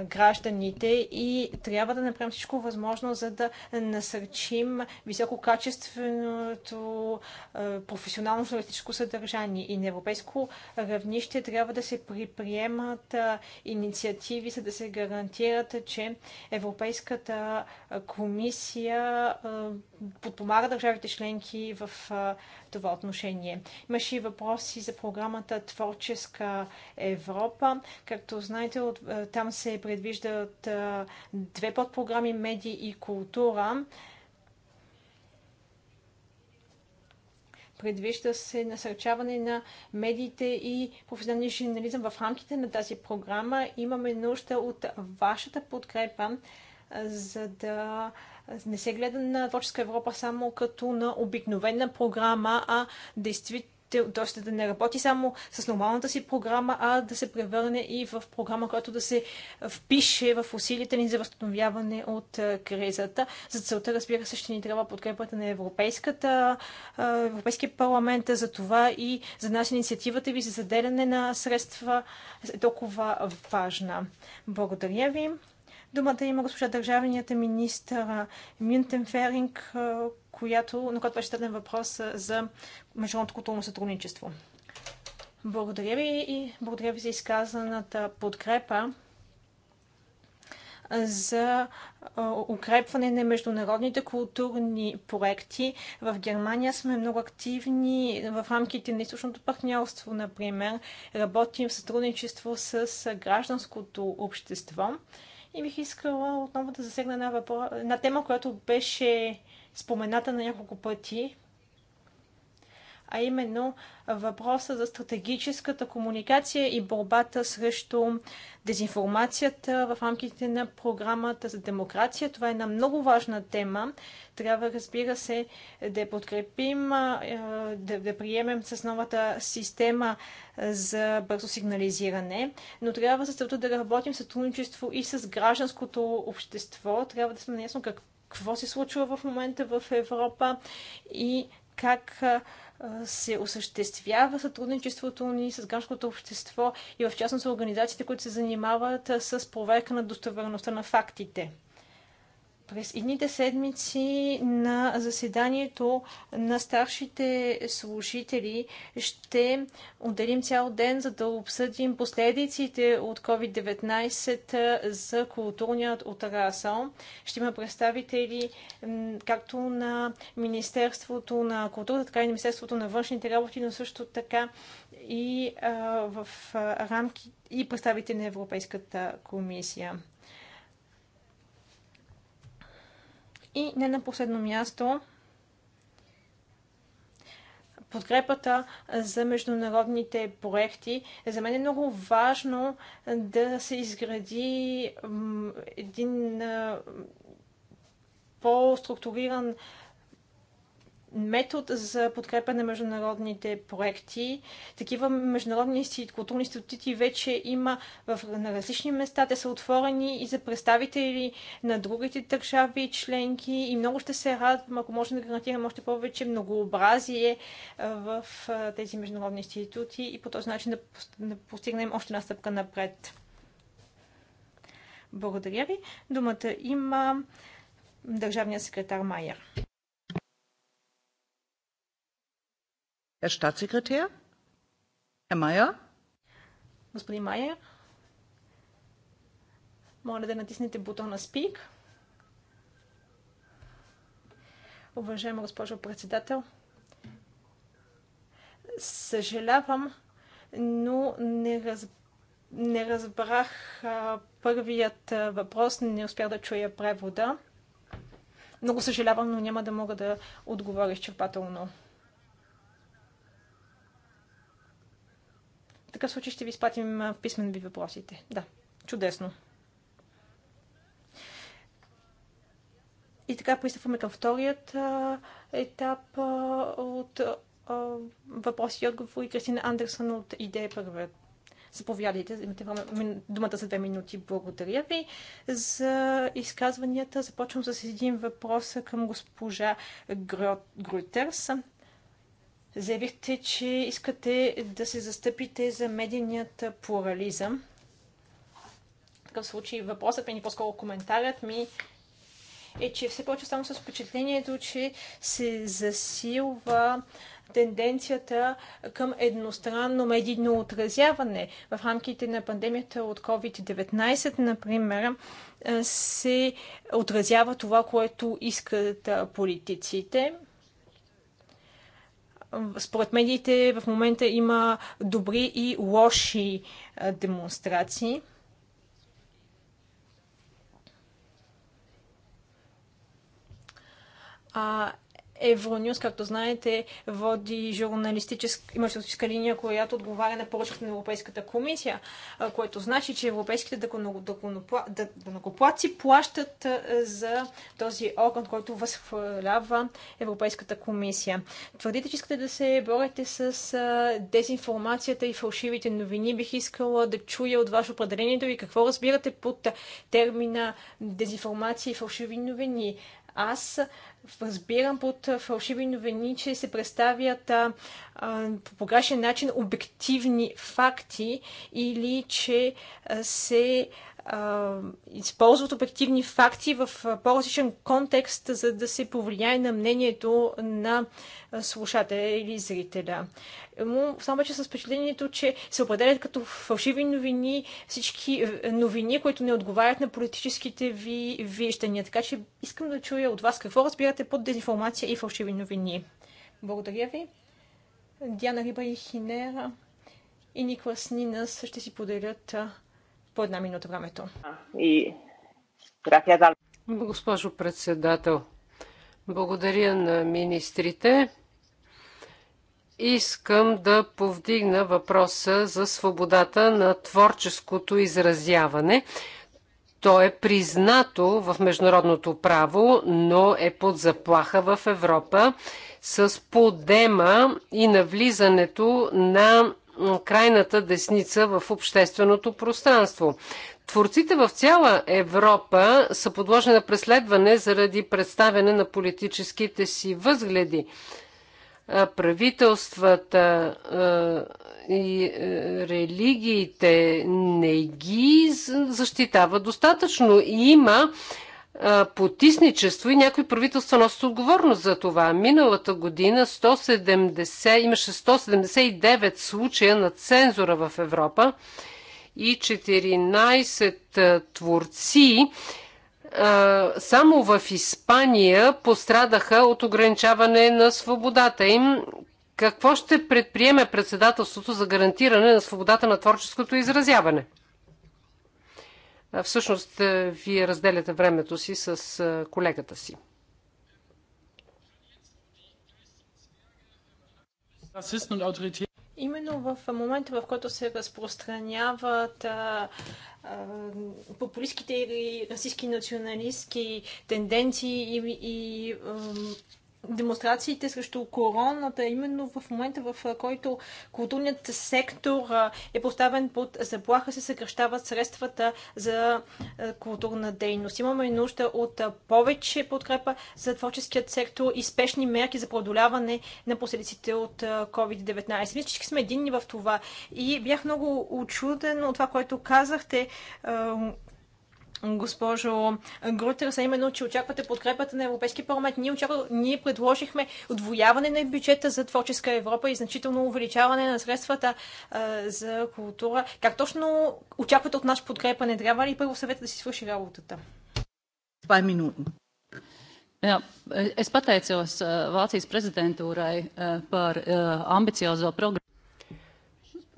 гражданите и трябва да направим всичко възможно, за да насърчим висококачественото професионално журналистическо съдържание. И на европейско равнище трябва да се приприемат инициативи, за да се гарантират, че Европейската комисия подпомага държавите членки в това отношение. Имаше и въпроси за програмата Творческа Европа. Както знаете, там се се предвиждат две подпрограми медии и култура. Предвижда се насърчаване на медиите и професионалния журнализъм в рамките на тази програма. Имаме нужда от вашата подкрепа, за да не се гледа на Творческа Европа само като на обикновена програма, а действително т.е. да не работи само с нормалната си програма, а да се превърне и в програма, която да се впише в усилите ни за възстановяване от кризата. За целта, разбира се, ще ни трябва подкрепата на Европейската, Европейския парламент, за това и за нас инициативата ви за заделяне на средства е толкова важна. Благодаря ви. Думата има госпожа държавният министр Мюнтен Феринг, която, на която беше даден въпрос за международното културно сътрудничество. Благодаря ви и благодаря ви за изказаната подкрепа за укрепване на международните културни проекти. В Германия сме много активни в рамките на източното партньорство, например. Работим в сътрудничество с гражданското общество. И бих искала отново да засегна една, въпро... една тема, която беше спомената на няколко пъти а именно въпроса за стратегическата комуникация и борбата срещу дезинформацията в рамките на програмата за демокрация. Това е една много важна тема. Трябва, разбира се, да подкрепим, е, да, да приемем с новата система за бързо сигнализиране, но трябва за целта да работим в сътрудничество и с гражданското общество. Трябва да сме наясно какво се случва в момента в Европа и как се осъществява сътрудничеството ни с гражданското общество и в частност организациите, които се занимават с проверка на достоверността на фактите. През едните седмици на заседанието на старшите служители ще отделим цял ден, за да обсъдим последиците от COVID-19 за културният отрасъл. Ще има представители както на Министерството на културата, така и на Министерството на външните работи, но също така и а, в рамки и представители на Европейската комисия. И не на последно място, подкрепата за международните проекти. За мен е много важно да се изгради един по-структуриран метод за подкрепа на международните проекти. Такива международни културни институти вече има в, на различни места. Те са отворени и за представители на другите държави и членки. И много ще се радвам, ако можем да гарантираме още повече многообразие в тези международни институти и по този начин да, да постигнем още една стъпка напред. Благодаря ви. Думата има държавния секретар Майер. Herr Staatssekretär? Herr Mayer? Господин Майер? Моля да натиснете бутона Speak. Уважаема госпожо председател, съжалявам, но не, раз... не разбрах а, първият а, въпрос, не успях да чуя превода. Много съжалявам, но няма да мога да отговоря изчерпателно. такъв случай ще ви изплатим в писмен ви въпросите. Да, чудесно. И така пристъпваме към вторият а, етап а, от а, въпроси и отговори. Кристина Андерсон от Идея първа. Заповядайте, имате думата за две минути. Благодаря ви за изказванията. Започвам с един въпрос към госпожа Гротерс заявихте, че искате да се застъпите за медийният плурализъм. В такъв случай въпросът ми, по-скоро коментарят ми е, че все повече само с впечатлението, че се засилва тенденцията към едностранно медийно отразяване. В рамките на пандемията от COVID-19, например, се отразява това, което искат политиците според медиите в момента има добри и лоши е, демонстрации. А, Евронюс, както знаете, води журналистическа, има журналистическа линия, която отговаря на поръчката на Европейската комисия, което значи, че европейските дъконоплаци плащат за този орган, който възхвалява Европейската комисия. Твърдите, че искате да се борете с дезинформацията и фалшивите новини. Бих искала да чуя от ваше определението ви какво разбирате под термина дезинформация и фалшиви новини. Аз разбирам под фалшиви новини, че се представят а, а, по погашен начин обективни факти или че а, се а, използват обективни факти в по-различен контекст, за да се повлияе на мнението на слушателя или зрителя. Само вече с впечатлението, че се определят като фалшиви новини всички новини, които не отговарят на политическите ви виждания. Така че искам да чуя от вас какво разбирате под дезинформация и фалшиви новини. Благодаря ви. Диана Риба и Хинера и Никлас Нина ще си поделят по една минута времето. И... Госпожо председател, благодаря на министрите. Искам да повдигна въпроса за свободата на творческото изразяване. То е признато в международното право, но е под заплаха в Европа с подема и навлизането на крайната десница в общественото пространство. Творците в цяла Европа са подложени на преследване заради представяне на политическите си възгледи. Правителствата и е, религиите не ги защитава достатъчно. И има потисничество и някои правителства носят отговорност за това. Миналата година 170, имаше 179 случая на цензура в Европа и 14 творци само в Испания пострадаха от ограничаване на свободата им. Какво ще предприеме председателството за гарантиране на свободата на творческото изразяване? Всъщност, вие разделяте времето си с колегата си. Именно в момента, в който се разпространяват а, а, популистските или расистски националистски тенденции и, и а, демонстрациите срещу короната, именно в момента, в който културният сектор е поставен под заплаха, се съкръщават средствата за културна дейност. Имаме нужда от повече подкрепа за творческият сектор и спешни мерки за преодоляване на последиците от COVID-19. Мисля, че сме единни в това. И бях много очуден от това, което казахте госпожо Грутерс, а именно, че очаквате подкрепата на Европейския парламент. Ние, очаква, ние предложихме отвояване на бюджета за творческа Европа и значително увеличаване на средствата а, за култура. Как точно очаквате от нас подкрепа? Не трябва ли първо съвета да си свърши работата? Това е минутно. Jā, es pateicos Vācijas prezidentūrai par ambiciozo programmu.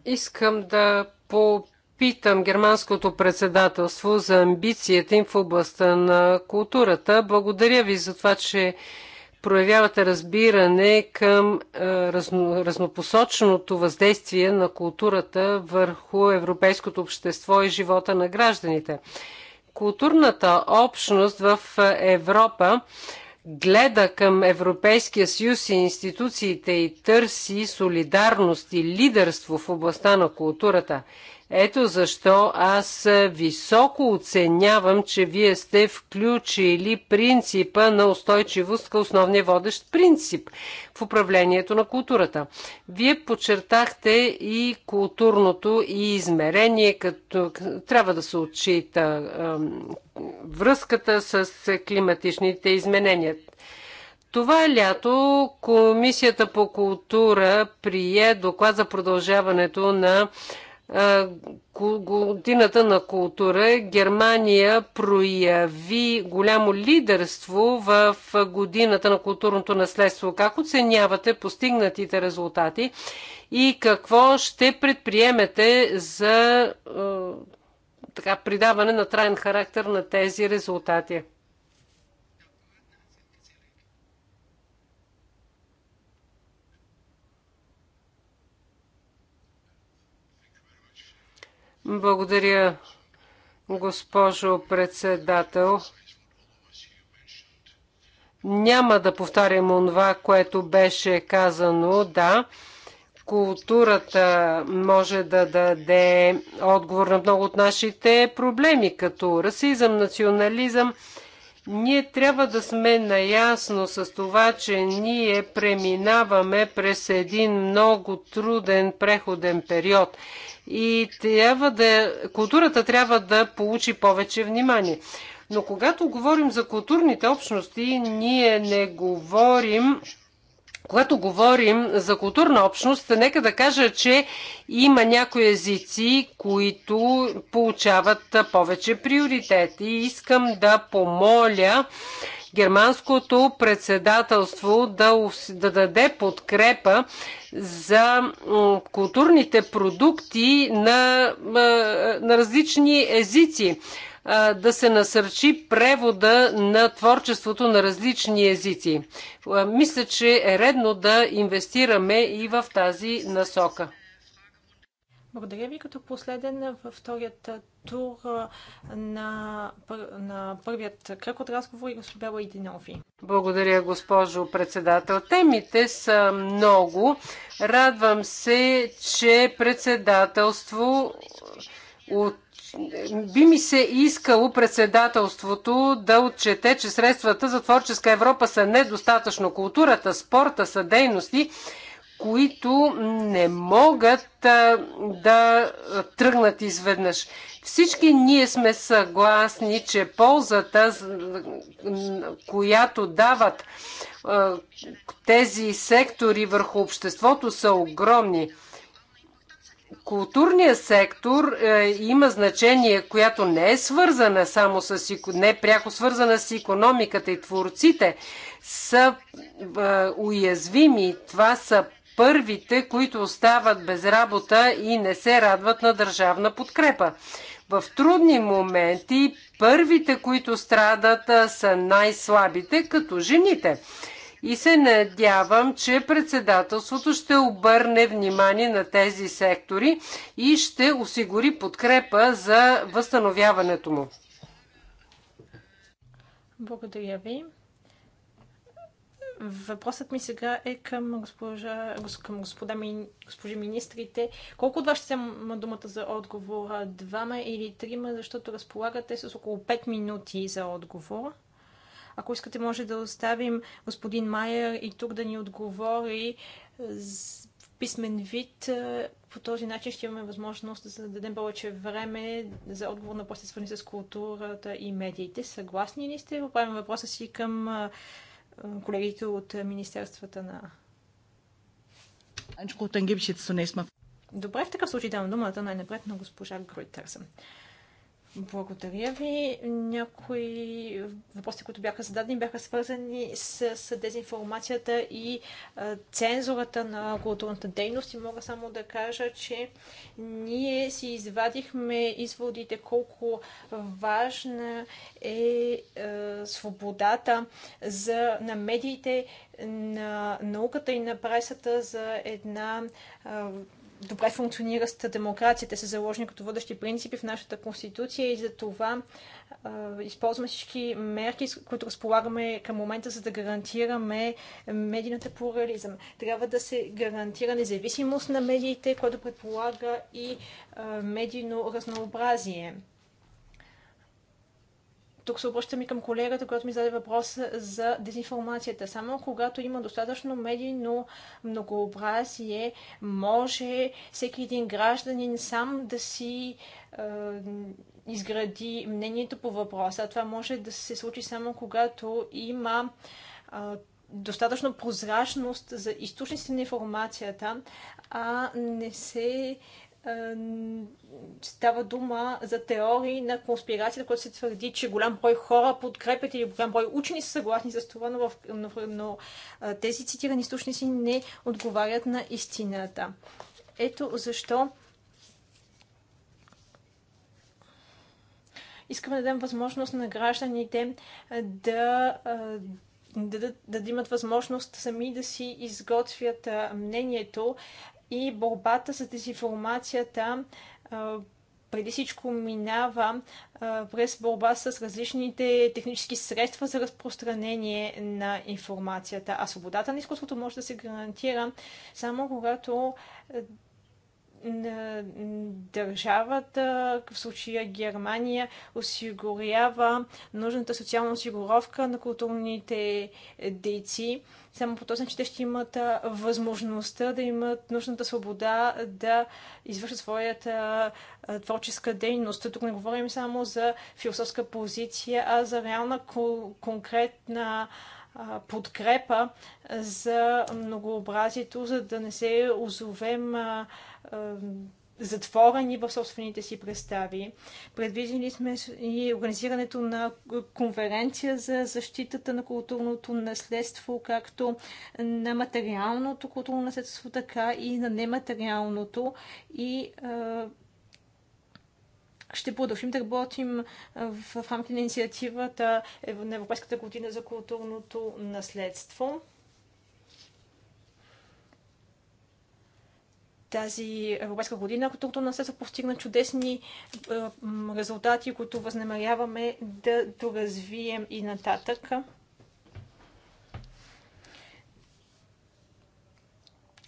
Искам да по питам германското председателство за амбицията им в областта на културата. Благодаря ви за това, че проявявате разбиране към е, разно, разнопосочното въздействие на културата върху европейското общество и живота на гражданите. Културната общност в Европа гледа към Европейския съюз и институциите и търси солидарност и лидерство в областта на културата – ето защо аз високо оценявам, че вие сте включили принципа на устойчивост към основния водещ принцип в управлението на културата. Вие подчертахте и културното и измерение, като трябва да се отчита е, връзката с климатичните изменения. Това лято Комисията по култура прие доклад за продължаването на е, годината на култура Германия прояви голямо лидерство в годината на културното наследство. Как оценявате постигнатите резултати и какво ще предприемете за е, така, придаване на траен характер на тези резултати? Благодаря, госпожо председател. Няма да повтарям онова, което беше казано. Да, културата може да даде отговор на много от нашите проблеми, като расизъм, национализъм ние трябва да сме наясно с това, че ние преминаваме през един много труден преходен период и трябва да, културата трябва да получи повече внимание. Но когато говорим за културните общности, ние не говорим когато говорим за културна общност, нека да кажа, че има някои езици, които получават повече приоритет. И искам да помоля германското председателство да, да даде подкрепа за културните продукти на, на различни езици да се насърчи превода на творчеството на различни езици. Мисля, че е редно да инвестираме и в тази насока. Благодаря ви. Като последен във вторият тур на, пър, на първият кръг от разговори госпобела Идинови. Благодаря, госпожо председател. Темите са много. Радвам се, че председателство от би ми се искало председателството да отчете, че средствата за творческа Европа са недостатъчно. Културата, спорта са дейности, които не могат да тръгнат изведнъж. Всички ние сме съгласни, че ползата, която дават тези сектори върху обществото, са огромни културния сектор е, има значение, която не е свързана само с не е пряко свързана с економиката и творците са е, уязвими. Това са първите, които остават без работа и не се радват на държавна подкрепа. В трудни моменти първите, които страдат, е, са най-слабите, като жените и се надявам, че председателството ще обърне внимание на тези сектори и ще осигури подкрепа за възстановяването му. Благодаря ви. Въпросът ми сега е към, госпожа, към господа, госпожи министрите. Колко от вас ще взема думата за отговор? Двама или трима, защото разполагате с около 5 минути за отговор. Ако искате, може да оставим господин Майер и тук да ни отговори е, в писмен вид. Е, по този начин ще имаме възможност да дадем повече време за отговор на после свързани с културата и медиите. Съгласни ли сте? Поправим въпроса си към е, колегите от Министерствата на Добре, в такъв случай давам думата най-напред на госпожа Гройтърсън. Благодаря ви. Някои въпроси, които бяха зададени, бяха свързани с, с дезинформацията и а, цензурата на културната дейност. И мога само да кажа, че ние си извадихме изводите колко важна е а, свободата за, на медиите, на науката и на пресата за една а, добре функционираща демокрация. Те са заложени като водещи принципи в нашата конституция и за това е, използваме всички мерки, които разполагаме към момента, за да гарантираме медийната плурализъм. Трябва да се гарантира независимост на медиите, което предполага и е, медийно разнообразие тук се обръщам и към колегата, която ми зададе въпрос за дезинформацията. Само когато има достатъчно медийно многообразие, може всеки един гражданин сам да си е, изгради мнението по въпроса. Това може да се случи само когато има е, достатъчно прозрачност за източниците на информацията, а не се става дума за теории на конспирацията, която се твърди, че голям брой хора подкрепят или голям брой учени са съгласни с това, но, в, но, но тези цитирани източници не отговарят на истината. Ето защо искаме да дадем възможност на гражданите да да, да, да имат възможност сами да си изготвят мнението, и борбата с дезинформацията преди всичко минава през борба с различните технически средства за разпространение на информацията. А свободата на изкуството може да се гарантира само когато на държавата, в случая Германия, осигурява нужната социална осигуровка на културните дейци. Само по този начин те ще имат възможността да имат нужната свобода да извършат своята творческа дейност. Тук не говорим само за философска позиция, а за реална конкретна подкрепа за многообразието, за да не се озовем затворени в собствените си представи. Предвидени сме и организирането на конференция за защитата на културното наследство, както на материалното културно наследство, така и на нематериалното. И ще продължим да работим в рамките на инициативата е, на Европейската година за културното наследство. тази Европейска година културното наследство постигна чудесни резултати, които възнамеряваме да доразвием и нататък.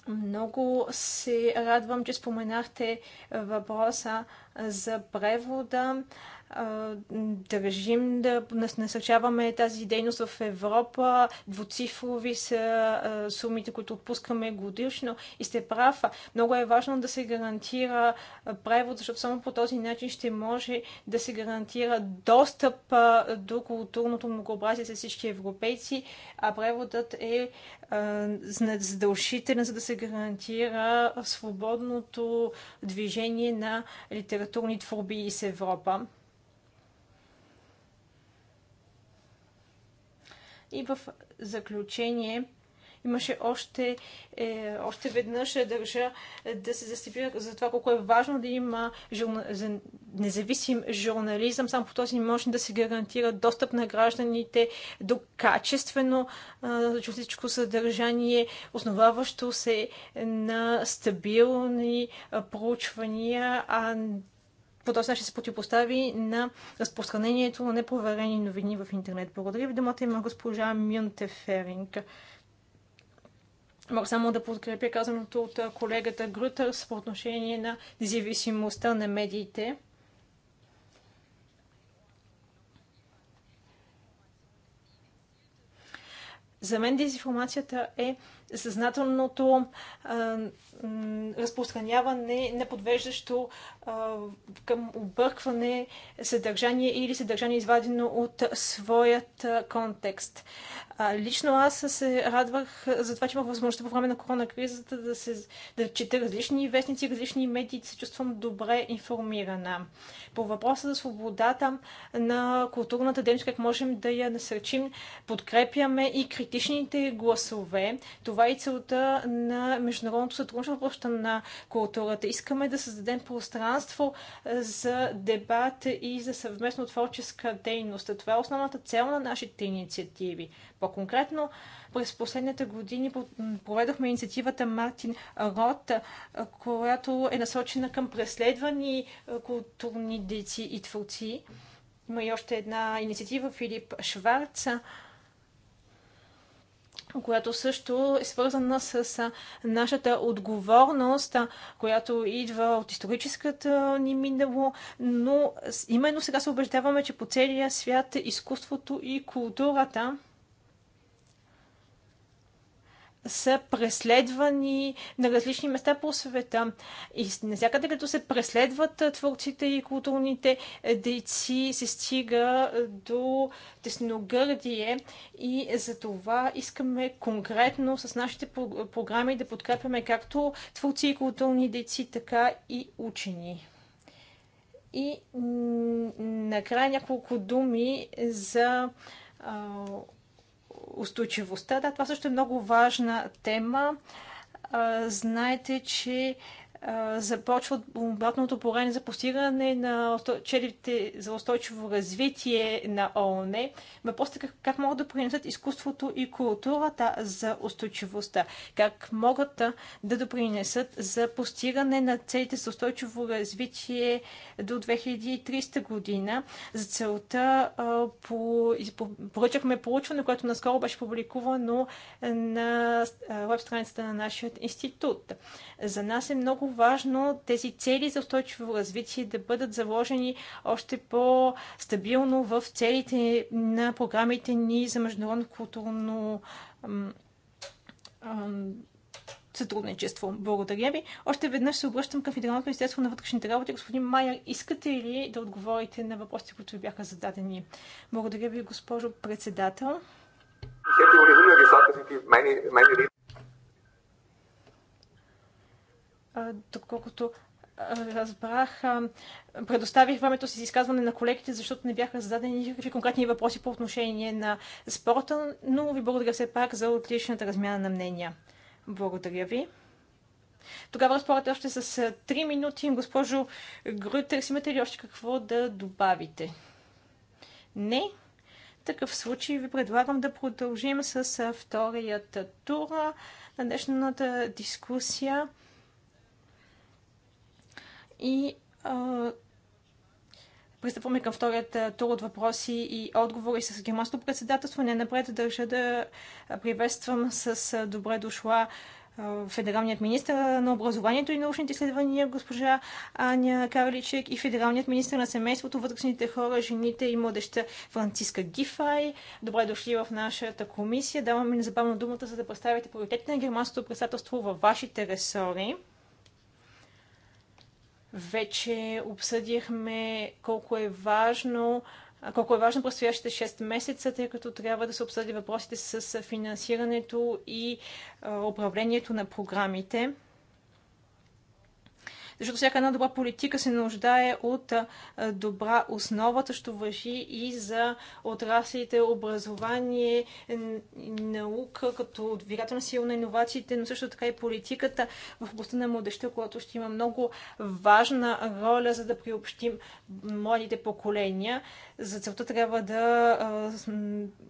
Много се радвам, че споменахте въпроса за превода. Да държим да насърчаваме тази дейност в Европа. Двуцифрови са сумите, които отпускаме годишно. И сте прав, много е важно да се гарантира превод, защото само по този начин ще може да се гарантира достъп до културното многообразие за всички европейци, а преводът е задължителен, за да се гарантира свободното движение на литературни творби из Европа. И в заключение имаше още, е, още веднъж държа да се застъпя за това колко е важно да има журна... за независим журнализъм. Само по този може да се гарантира достъп на гражданите до качествено е, журналистическо съдържание, основаващо се на стабилни е, проучвания, а по този начин се противопостави на разпространението на непроверени новини в интернет. Благодаря ви. Думата има госпожа Мюнте Феринг. Мога само да подкрепя казаното от колегата Грутърс по отношение на независимостта на медиите. За мен дезинформацията е съзнателното разпространяване, неподвеждащо към объркване съдържание или съдържание извадено от своят контекст. Лично аз се радвах за това, че имах възможността по време на корона кризата да, се, да чета различни вестници, различни медии, да се чувствам добре информирана. По въпроса за свободата на културната дейност, как можем да я насърчим, подкрепяме и критичните гласове. Това е и целта на международното сътрудничество на културата. Искаме да създадем пространство, пространство е, за дебат и за съвместно творческа дейност. Това е основната цел на нашите инициативи. По-конкретно, през последните години проведохме инициативата Мартин Рот, е, която е насочена към преследвани е, културни деци и творци. Има и още една инициатива Филип Шварц, която също е свързана с нашата отговорност, която идва от историческата ни минало, но именно сега се убеждаваме, че по целия свят е изкуството и културата са преследвани на различни места по света. И навсякъде, като се преследват творците и културните дейци, се стига до тесногърдие и за това искаме конкретно с нашите програми да подкрепяме както творци и културни дейци, така и учени. И накрая няколко думи за устойчивостта. Да, това също е много важна тема. Знаете, че започват обратното поране за постигане на челите за устойчиво развитие на ООН. Въпросът е как, как могат да принесат изкуството и културата за устойчивостта? Как могат да допринесат за постигане на целите за устойчиво развитие до 2300 година? За целта по, по, поръчахме проучване, което наскоро беше публикувано на веб страницата на нашия институт. За нас е много важно тези цели за устойчиво развитие да бъдат заложени още по-стабилно в целите на програмите ни за международно културно сътрудничество. Благодаря ви. Още веднъж се обръщам към Федералното министерство на вътрешните работи. Господин Майер, искате ли да отговорите на въпросите, които ви бяха зададени? Благодаря ви, госпожо председател. доколкото разбрах, предоставих времето си за изказване на колегите, защото не бяха зададени никакви конкретни въпроси по отношение на спорта, но ви благодаря все пак за отличната размяна на мнения. Благодаря ви. Тогава разполагате още с 3 минути. Госпожо Грутер, имате ли още какво да добавите? Не? В такъв случай ви предлагам да продължим с вторият тур на днешната дискусия. И а, пристъпваме към вторият тур от въпроси и отговори с германското председателство. Не напред държа да приветствам с добре дошла федералният министр на образованието и научните изследвания госпожа Аня Карличек и федералният министр на семейството, вътрешните хора, жените и младеща Франциска Гифай. Добре дошли в нашата комисия. Даваме незабавно думата, за да представите приоритетите на германското председателство във вашите ресори. Вече обсъдихме колко е важно колко е важно предстоящите 6 месеца, тъй като трябва да се обсъди въпросите с финансирането и управлението на програмите защото всяка една добра политика се нуждае от добра основа. Също въжи и за отраслите образование, наука, като на сила на иновациите, но също така и политиката в областта на младеща, която ще има много важна роля, за да приобщим младите поколения. За целта трябва да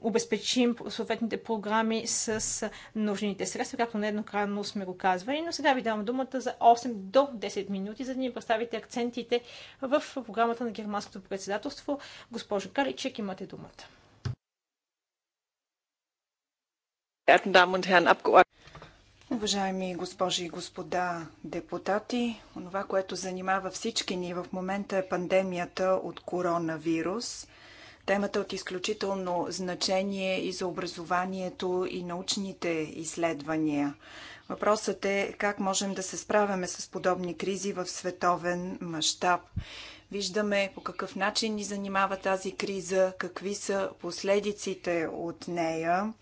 обезпечим съответните програми с нужните средства, както нееднократно сме го казвали. Но сега ви давам думата за 8 до 10 минути минути, за да ни представите акцентите в програмата на германското председателство. Госпожо Каличек, имате думата. Уважаеми госпожи и господа депутати, онова, което занимава всички ни в момента е пандемията от коронавирус. Темата е от изключително значение и за образованието и научните изследвания. Въпросът е как можем да се справяме с подобни кризи в световен мащаб. Виждаме по какъв начин ни занимава тази криза, какви са последиците от нея.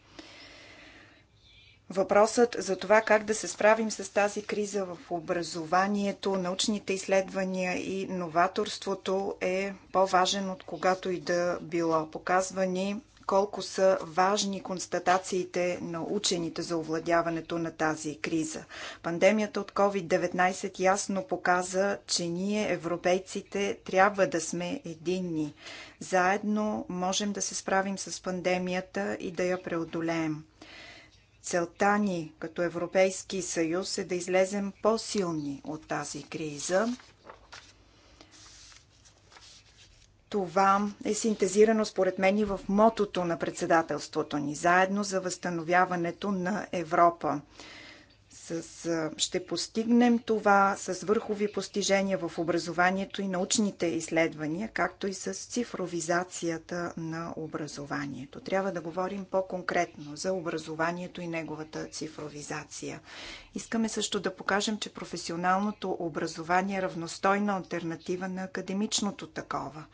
Въпросът за това как да се справим с тази криза в образованието, научните изследвания и новаторството е по-важен от когато и да било. Показва ни колко са важни констатациите на учените за овладяването на тази криза. Пандемията от COVID-19 ясно показа, че ние, европейците, трябва да сме единни. Заедно можем да се справим с пандемията и да я преодолеем. Целта ни като Европейски съюз е да излезем по-силни от тази криза, Това е синтезирано според мен и в мотото на председателството ни заедно за възстановяването на Европа с, ще постигнем това с върхови постижения в образованието и научните изследвания, както и с цифровизацията на образованието. Трябва да говорим по-конкретно за образованието и неговата цифровизация. Искаме също да покажем, че професионалното образование е равностойна альтернатива на академичното такова.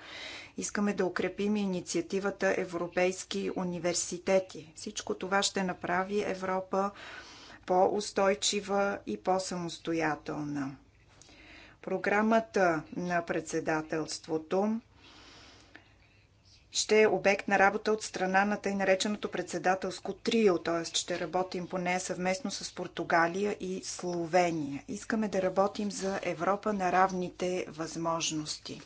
Искаме да укрепим инициативата Европейски университети. Всичко това ще направи Европа по-устойчива и по-самостоятелна. Програмата на председателството ще е обект на работа от страна на тъй нареченото председателско трио, т.е. ще работим по нея съвместно с Португалия и Словения. Искаме да работим за Европа на равните възможности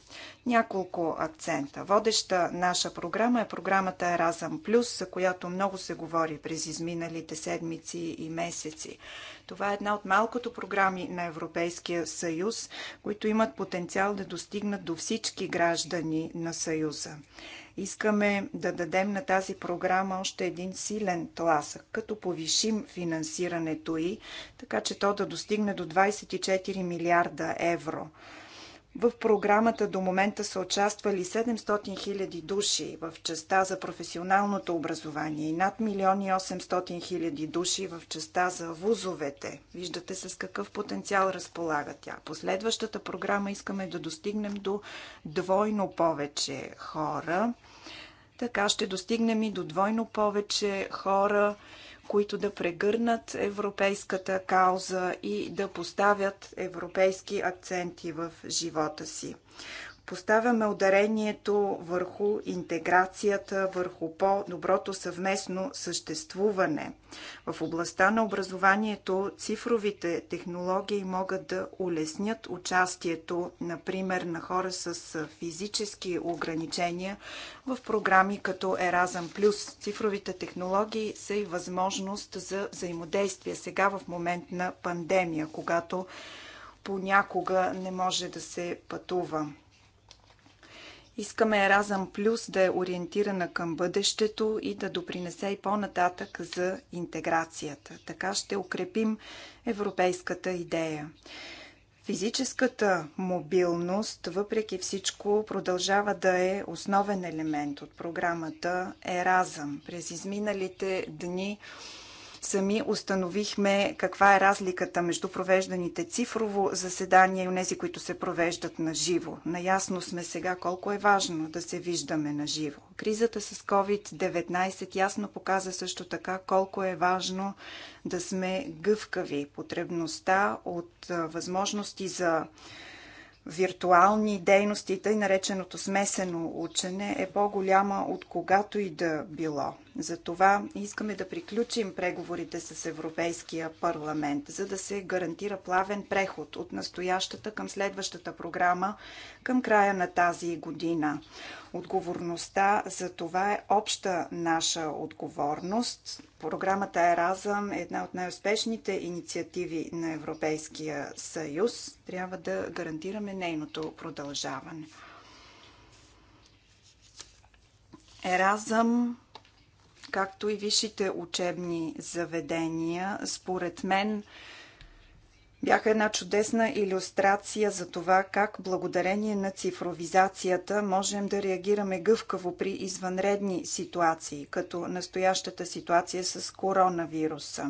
няколко акцента. Водеща наша програма е програмата Еразъм Плюс, за която много се говори през изминалите седмици и месеци. Това е една от малкото програми на Европейския съюз, които имат потенциал да достигнат до всички граждани на съюза. Искаме да дадем на тази програма още един силен тласък, като повишим финансирането й, така че то да достигне до 24 милиарда евро – в програмата до момента са участвали 700 000 души в частта за професионалното образование и над 1 800 000 души в частта за вузовете. Виждате с какъв потенциал разполага тя. Последващата програма искаме да достигнем до двойно повече хора. Така ще достигнем и до двойно повече хора, които да прегърнат европейската кауза и да поставят европейски акценти в живота си. Поставяме ударението върху интеграцията, върху по-доброто съвместно съществуване. В областта на образованието цифровите технологии могат да улеснят участието, например, на хора с физически ограничения в програми като Еразъм Плюс. Цифровите технологии са и възможност за взаимодействие сега в момент на пандемия, когато понякога не може да се пътува. Искаме Еразъм Плюс да е ориентирана към бъдещето и да допринесе и по-нататък за интеграцията. Така ще укрепим европейската идея. Физическата мобилност, въпреки всичко, продължава да е основен елемент от програмата Еразъм. През изминалите дни Сами установихме каква е разликата между провежданите цифрово заседания и унези, които се провеждат на живо. Наясно сме сега колко е важно да се виждаме на живо. Кризата с COVID-19 ясно показа също така колко е важно да сме гъвкави. Потребността от възможности за виртуални дейности, тъй нареченото смесено учене е по-голяма от когато и да било. Затова искаме да приключим преговорите с Европейския парламент, за да се гарантира плавен преход от настоящата към следващата програма към края на тази година. Отговорността за това е обща наша отговорност. Програмата Еразъм е една от най-успешните инициативи на Европейския съюз. Трябва да гарантираме нейното продължаване. Еразъм, както и висшите учебни заведения, според мен, бяха една чудесна иллюстрация за това как благодарение на цифровизацията можем да реагираме гъвкаво при извънредни ситуации, като настоящата ситуация с коронавируса.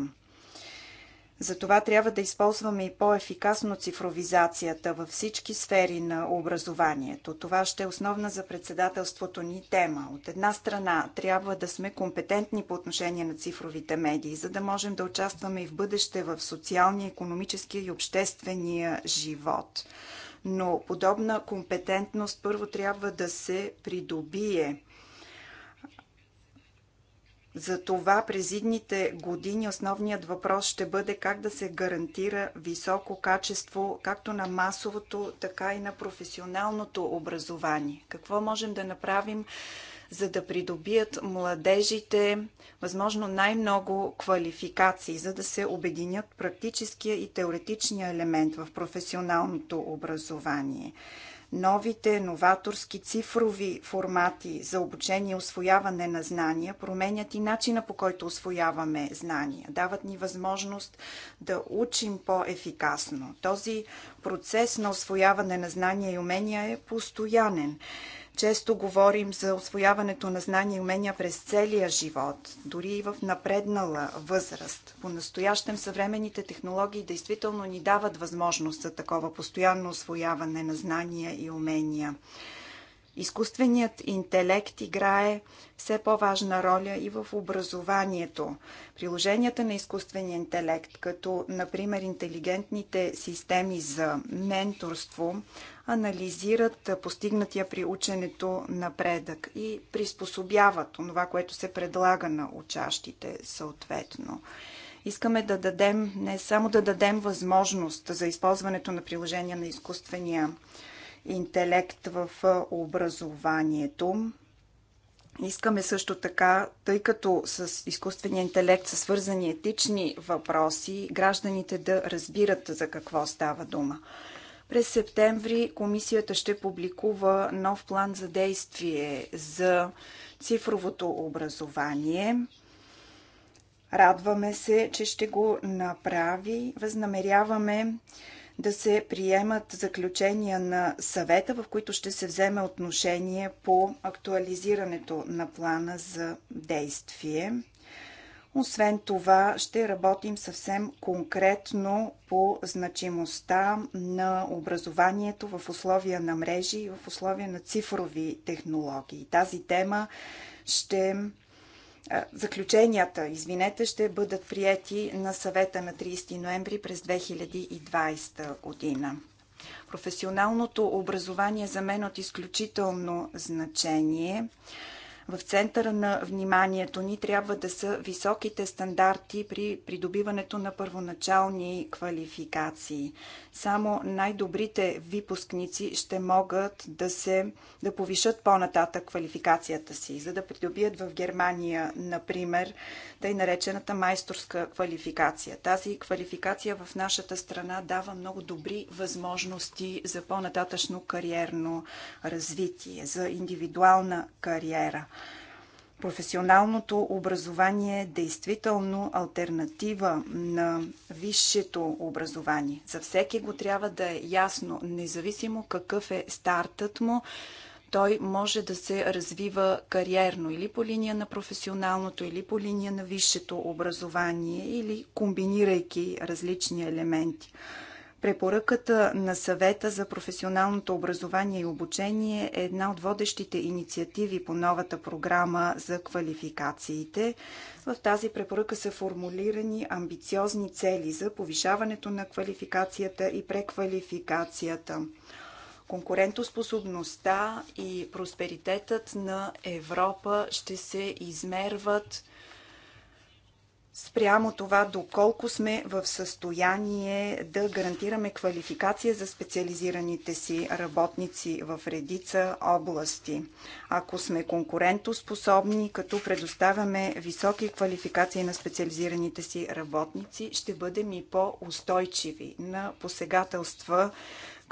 Затова трябва да използваме и по-ефикасно цифровизацията във всички сфери на образованието. Това ще е основна за председателството ни тема. От една страна, трябва да сме компетентни по отношение на цифровите медии, за да можем да участваме и в бъдеще в социалния, економическия и обществения живот. Но подобна компетентност първо трябва да се придобие – затова през идните години основният въпрос ще бъде как да се гарантира високо качество както на масовото, така и на професионалното образование. Какво можем да направим, за да придобият младежите възможно най-много квалификации, за да се обединят практическия и теоретичния елемент в професионалното образование? Новите новаторски цифрови формати за обучение и освояване на знания променят и начина по който освояваме знания. Дават ни възможност да учим по-ефикасно. Този процес на освояване на знания и умения е постоянен. Често говорим за освояването на знания и умения през целия живот, дори и в напреднала възраст. По-настоящем съвременните технологии действително ни дават възможност за такова постоянно освояване на знания и умения. Изкуственият интелект играе все по-важна роля и в образованието. Приложенията на изкуствения интелект, като например интелигентните системи за менторство, анализират постигнатия при ученето напредък и приспособяват това, което се предлага на учащите съответно искаме да дадем, не само да дадем възможност за използването на приложения на изкуствения интелект, интелект в образованието. Искаме също така, тъй като с изкуствения интелект са свързани етични въпроси, гражданите да разбират за какво става дума. През септември комисията ще публикува нов план за действие за цифровото образование. Радваме се, че ще го направи. Възнамеряваме да се приемат заключения на съвета, в които ще се вземе отношение по актуализирането на плана за действие. Освен това, ще работим съвсем конкретно по значимостта на образованието в условия на мрежи и в условия на цифрови технологии. Тази тема ще Заключенията, извинете, ще бъдат прияти на съвета на 30 ноември през 2020 година. Професионалното образование е за мен от изключително значение. В центъра на вниманието ни трябва да са високите стандарти при придобиването на първоначални квалификации. Само най-добрите випускници ще могат да се да повишат по-нататък квалификацията си, за да придобият в Германия, например, тъй наречената майсторска квалификация. Тази квалификация в нашата страна дава много добри възможности за по-нататъчно кариерно развитие, за индивидуална кариера професионалното образование е действително альтернатива на висшето образование. За всеки го трябва да е ясно, независимо какъв е стартът му, той може да се развива кариерно или по линия на професионалното, или по линия на висшето образование, или комбинирайки различни елементи. Препоръката на съвета за професионалното образование и обучение е една от водещите инициативи по новата програма за квалификациите. В тази препоръка са формулирани амбициозни цели за повишаването на квалификацията и преквалификацията. Конкурентоспособността и просперитетът на Европа ще се измерват спрямо това доколко сме в състояние да гарантираме квалификация за специализираните си работници в редица области. Ако сме конкурентоспособни, като предоставяме високи квалификации на специализираните си работници, ще бъдем и по-устойчиви на посегателства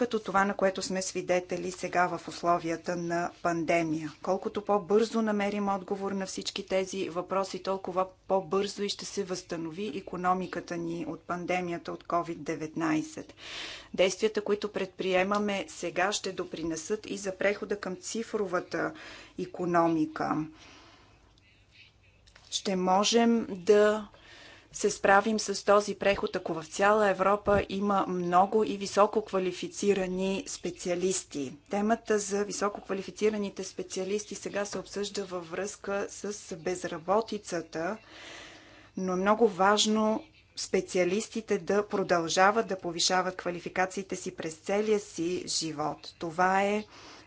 като това, на което сме свидетели сега в условията на пандемия. Колкото по-бързо намерим отговор на всички тези въпроси, толкова по-бързо и ще се възстанови економиката ни от пандемията от COVID-19. Действията, които предприемаме сега, ще допринесат и за прехода към цифровата економика. Ще можем да се справим с този преход, ако в цяла Европа има много и високо квалифицирани специалисти? Темата за високо квалифицираните специалисти сега се обсъжда във връзка с безработицата, но е много важно специалистите да продължават да повишават квалификациите си през целия си живот. Това е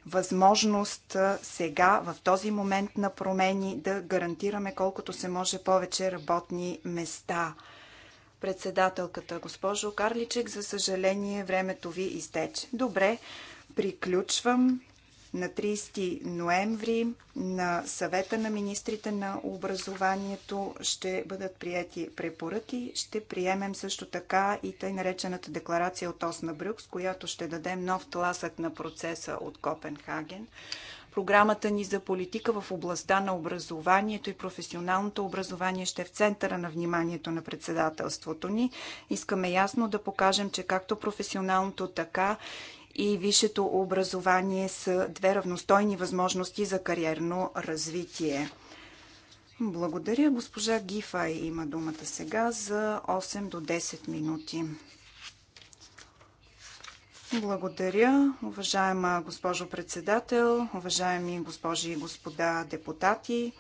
възможност сега, в този момент на промени, да гарантираме колкото се може повече работни места. Председателката, госпожо Карличек, за съжаление времето ви изтече. Добре, приключвам на 30 ноември на съвета на министрите на образованието ще бъдат прияти препоръки. Ще приемем също така и тъй наречената декларация от Осна Брюкс, която ще даде нов тласък на процеса от Копенхаген. Програмата ни за политика в областта на образованието и професионалното образование ще е в центъра на вниманието на председателството ни. Искаме ясно да покажем, че както професионалното, така и висшето образование са две равностойни възможности за кариерно развитие. Благодаря. Госпожа Гифай има думата сега за 8 до 10 минути. Благодаря, уважаема госпожо председател, уважаеми госпожи и господа депутати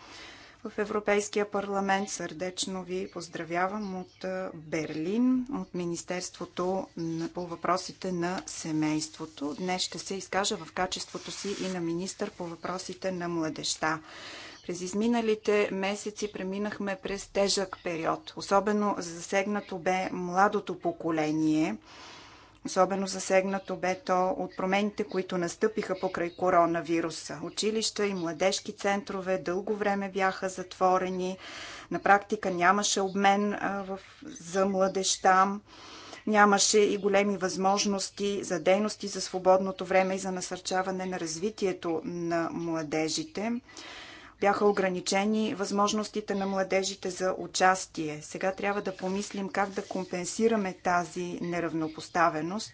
в Европейския парламент. Сърдечно ви поздравявам от Берлин, от Министерството по въпросите на семейството. Днес ще се изкажа в качеството си и на министър по въпросите на младеща. През изминалите месеци преминахме през тежък период. Особено засегнато бе младото поколение – Особено засегнато бе то от промените, които настъпиха покрай коронавируса. Училища и младежки центрове дълго време бяха затворени. На практика нямаше обмен за младеща. Нямаше и големи възможности за дейности за свободното време и за насърчаване на развитието на младежите. Бяха ограничени възможностите на младежите за участие. Сега трябва да помислим как да компенсираме тази неравнопоставеност.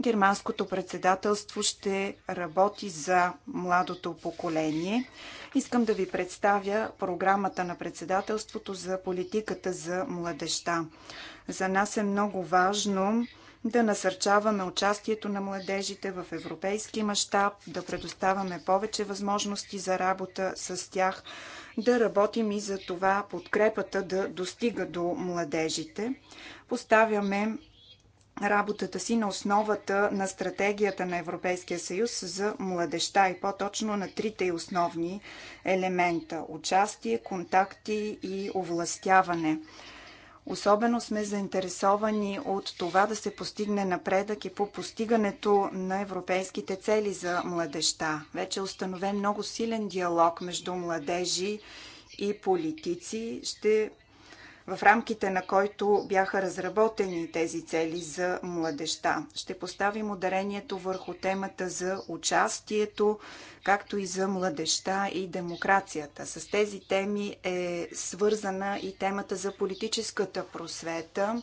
Германското председателство ще работи за младото поколение. Искам да ви представя програмата на председателството за политиката за младеща. За нас е много важно да насърчаваме участието на младежите в европейски мащаб, да предоставяме повече възможности за работа с тях, да работим и за това подкрепата да достига до младежите. Поставяме работата си на основата на стратегията на Европейския съюз за младеща и по-точно на трите и основни елемента – участие, контакти и овластяване – Особено сме заинтересовани от това да се постигне напредък и по постигането на европейските цели за младеща. Вече е установен много силен диалог между младежи и политици. Ще в рамките на който бяха разработени тези цели за младеща. Ще поставим ударението върху темата за участието, както и за младеща и демокрацията. С тези теми е свързана и темата за политическата просвета.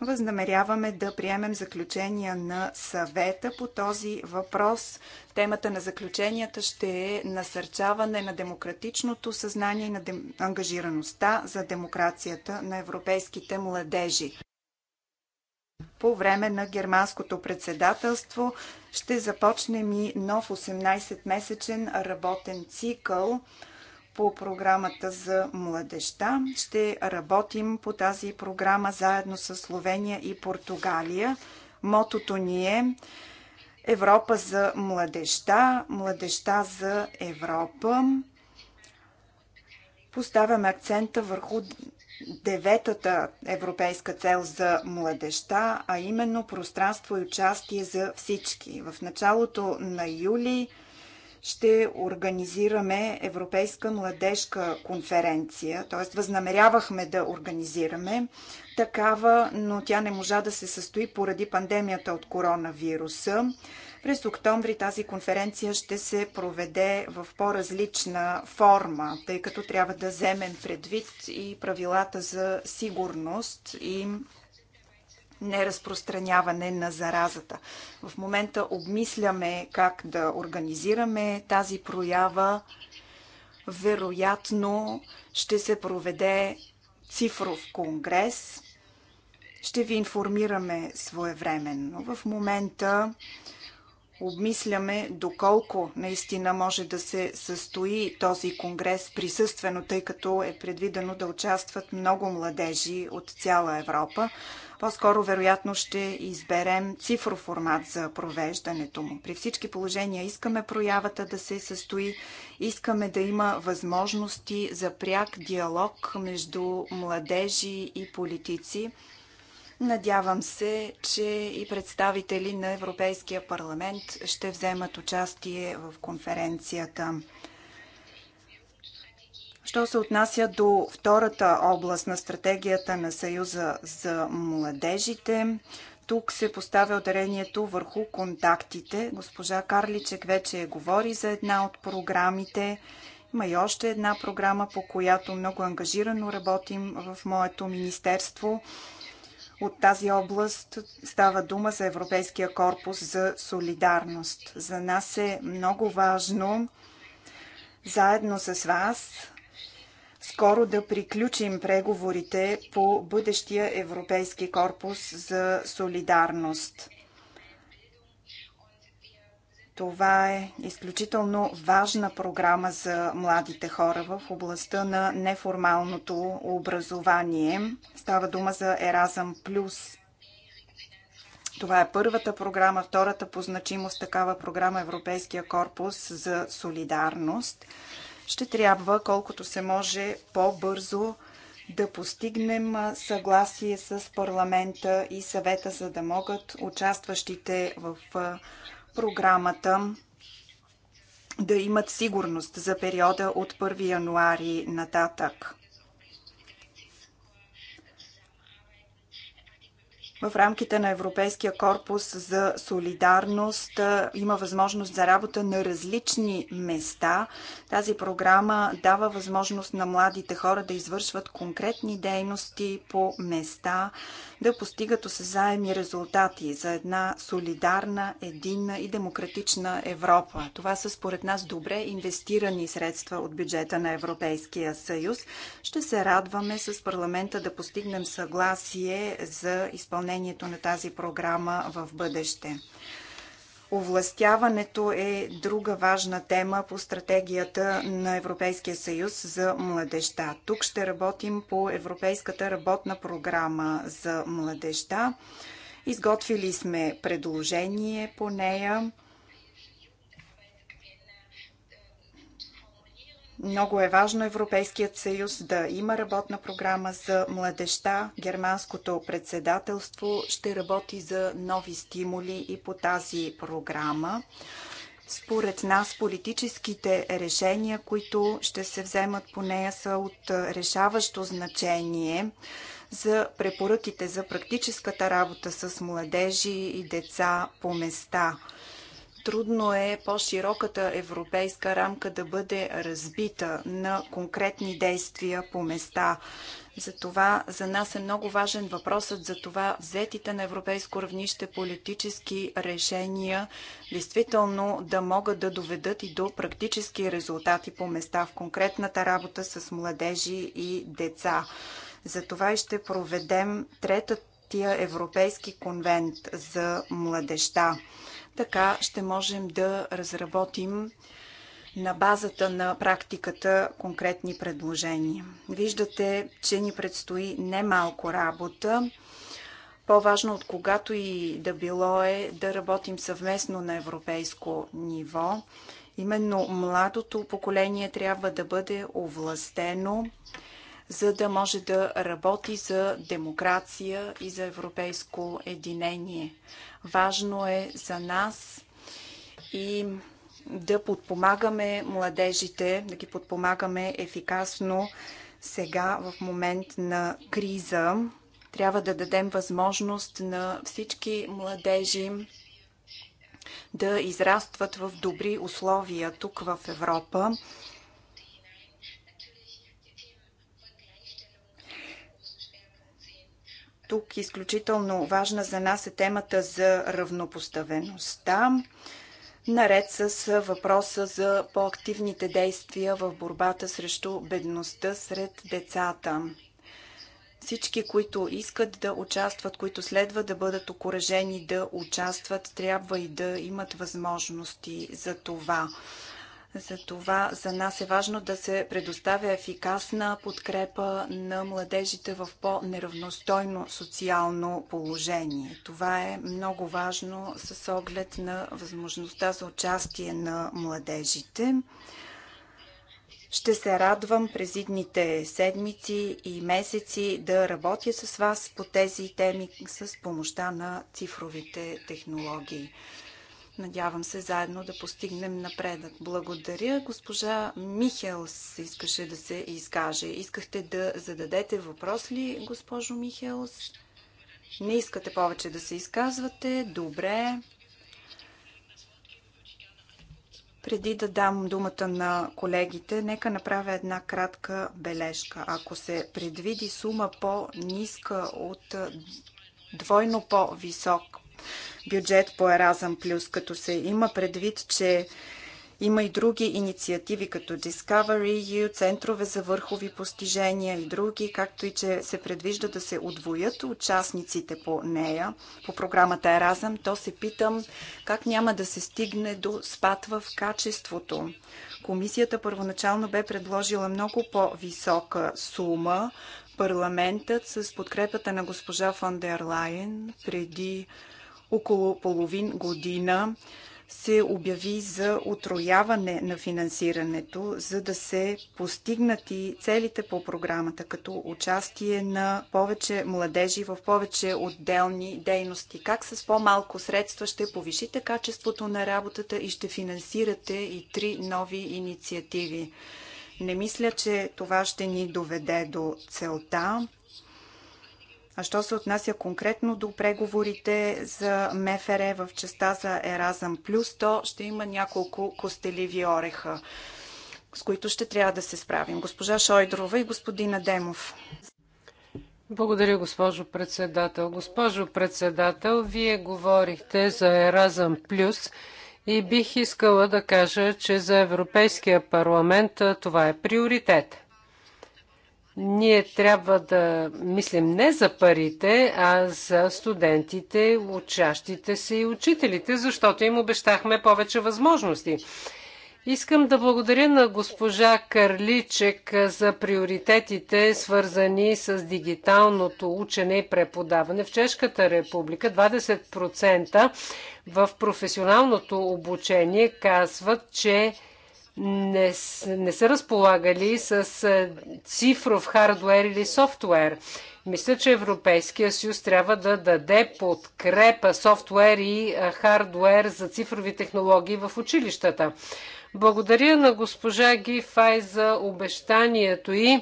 Възнамеряваме да приемем заключения на съвета по този въпрос. Темата на заключенията ще е насърчаване на демократичното съзнание и на дем... ангажираността за демокрацията на европейските младежи. По време на германското председателство ще започнем и нов 18-месечен работен цикъл – по програмата за младеща. Ще работим по тази програма заедно с Словения и Португалия. Мотото ни е Европа за младеща, младеща за Европа. Поставяме акцента върху деветата европейска цел за младеща, а именно пространство и участие за всички. В началото на юли ще организираме Европейска младежка конференция, т.е. възнамерявахме да организираме такава, но тя не можа да се състои поради пандемията от коронавируса. През октомври тази конференция ще се проведе в по-различна форма, тъй като трябва да вземем предвид и правилата за сигурност и неразпространяване на заразата. В момента обмисляме как да организираме тази проява. Вероятно ще се проведе цифров конгрес. Ще ви информираме своевременно. В момента обмисляме доколко наистина може да се състои този конгрес присъствено, тъй като е предвидено да участват много младежи от цяла Европа. По-скоро, вероятно, ще изберем цифров формат за провеждането му. При всички положения искаме проявата да се състои, искаме да има възможности за пряк диалог между младежи и политици. Надявам се, че и представители на Европейския парламент ще вземат участие в конференцията. Що се отнася до втората област на стратегията на Съюза за младежите, тук се поставя ударението върху контактите. Госпожа Карличек вече говори за една от програмите. Има и още една програма, по която много ангажирано работим в моето министерство. От тази област става дума за Европейския корпус за солидарност. За нас е много важно заедно с вас скоро да приключим преговорите по бъдещия Европейски корпус за солидарност. Това е изключително важна програма за младите хора в областта на неформалното образование. Става дума за Еразъм Плюс. Това е първата програма, втората по значимост такава програма Европейския корпус за солидарност ще трябва колкото се може по-бързо да постигнем съгласие с парламента и съвета, за да могат участващите в програмата да имат сигурност за периода от 1 януари нататък. в рамките на Европейския корпус за солидарност има възможност за работа на различни места. Тази програма дава възможност на младите хора да извършват конкретни дейности по места, да постигат осезаеми резултати за една солидарна, единна и демократична Европа. Това са според нас добре инвестирани средства от бюджета на Европейския съюз. Ще се радваме с парламента да постигнем съгласие за изпълнение изпълнението на тази програма в бъдеще. Овластяването е друга важна тема по стратегията на Европейския съюз за младеща. Тук ще работим по Европейската работна програма за младеща. Изготвили сме предложение по нея. Много е важно Европейският съюз да има работна програма за младеща. Германското председателство ще работи за нови стимули и по тази програма. Според нас политическите решения, които ще се вземат по нея, са от решаващо значение за препоръките за практическата работа с младежи и деца по места – Трудно е по-широката европейска рамка да бъде разбита на конкретни действия по места. Затова за нас е много важен въпросът за това взетите на европейско равнище политически решения действително да могат да доведат и до практически резултати по места в конкретната работа с младежи и деца. Затова и ще проведем третата Европейски конвент за младеща. Така ще можем да разработим на базата на практиката конкретни предложения. Виждате, че ни предстои немалко работа. По-важно от когато и да било е да работим съвместно на европейско ниво. Именно младото поколение трябва да бъде овластено, за да може да работи за демокрация и за европейско единение. Важно е за нас и да подпомагаме младежите, да ги подпомагаме ефикасно сега в момент на криза. Трябва да дадем възможност на всички младежи да израстват в добри условия тук в Европа. Тук изключително важна за нас е темата за равнопоставеността, наред с въпроса за по-активните действия в борбата срещу бедността сред децата. Всички, които искат да участват, които следва да бъдат окоръжени да участват, трябва и да имат възможности за това. Затова за нас е важно да се предоставя ефикасна подкрепа на младежите в по-неравностойно социално положение. Това е много важно с оглед на възможността за участие на младежите. Ще се радвам през идните седмици и месеци да работя с вас по тези теми с помощта на цифровите технологии. Надявам се заедно да постигнем напредък. Благодаря. Госпожа Михелс искаше да се изкаже. Искахте да зададете въпрос ли, госпожо Михелс? Не искате повече да се изказвате. Добре. Преди да дам думата на колегите, нека направя една кратка бележка. Ако се предвиди сума по-ниска от двойно по-висок бюджет по Еразъм Плюс, като се има предвид, че има и други инициативи, като Discovery и центрове за върхови постижения и други, както и че се предвижда да се отвоят участниците по нея, по програмата Еразъм, то се питам как няма да се стигне до спад в качеството. Комисията първоначално бе предложила много по-висока сума. Парламентът с подкрепата на госпожа фон дер Лайен преди около половин година се обяви за отрояване на финансирането, за да се постигнат и целите по програмата, като участие на повече младежи в повече отделни дейности. Как с по-малко средства ще повишите качеството на работата и ще финансирате и три нови инициативи? Не мисля, че това ще ни доведе до целта. А що се отнася конкретно до преговорите за МФР в частта за Еразъм Плюс, то ще има няколко костеливи ореха, с които ще трябва да се справим. Госпожа Шойдрова и господин Адемов. Благодаря, госпожо председател. Госпожо председател, вие говорихте за Еразъм Плюс и бих искала да кажа, че за Европейския парламент това е приоритет ние трябва да мислим не за парите, а за студентите, учащите се и учителите, защото им обещахме повече възможности. Искам да благодаря на госпожа Карличек за приоритетите, свързани с дигиталното учене и преподаване. В Чешката република 20% в професионалното обучение казват, че не, не са разполагали с е, цифров хардвер или софтуер. Мисля, че Европейския съюз трябва да даде подкрепа софтуер и е, хардуер за цифрови технологии в училищата. Благодаря на госпожа Гифай за обещанието и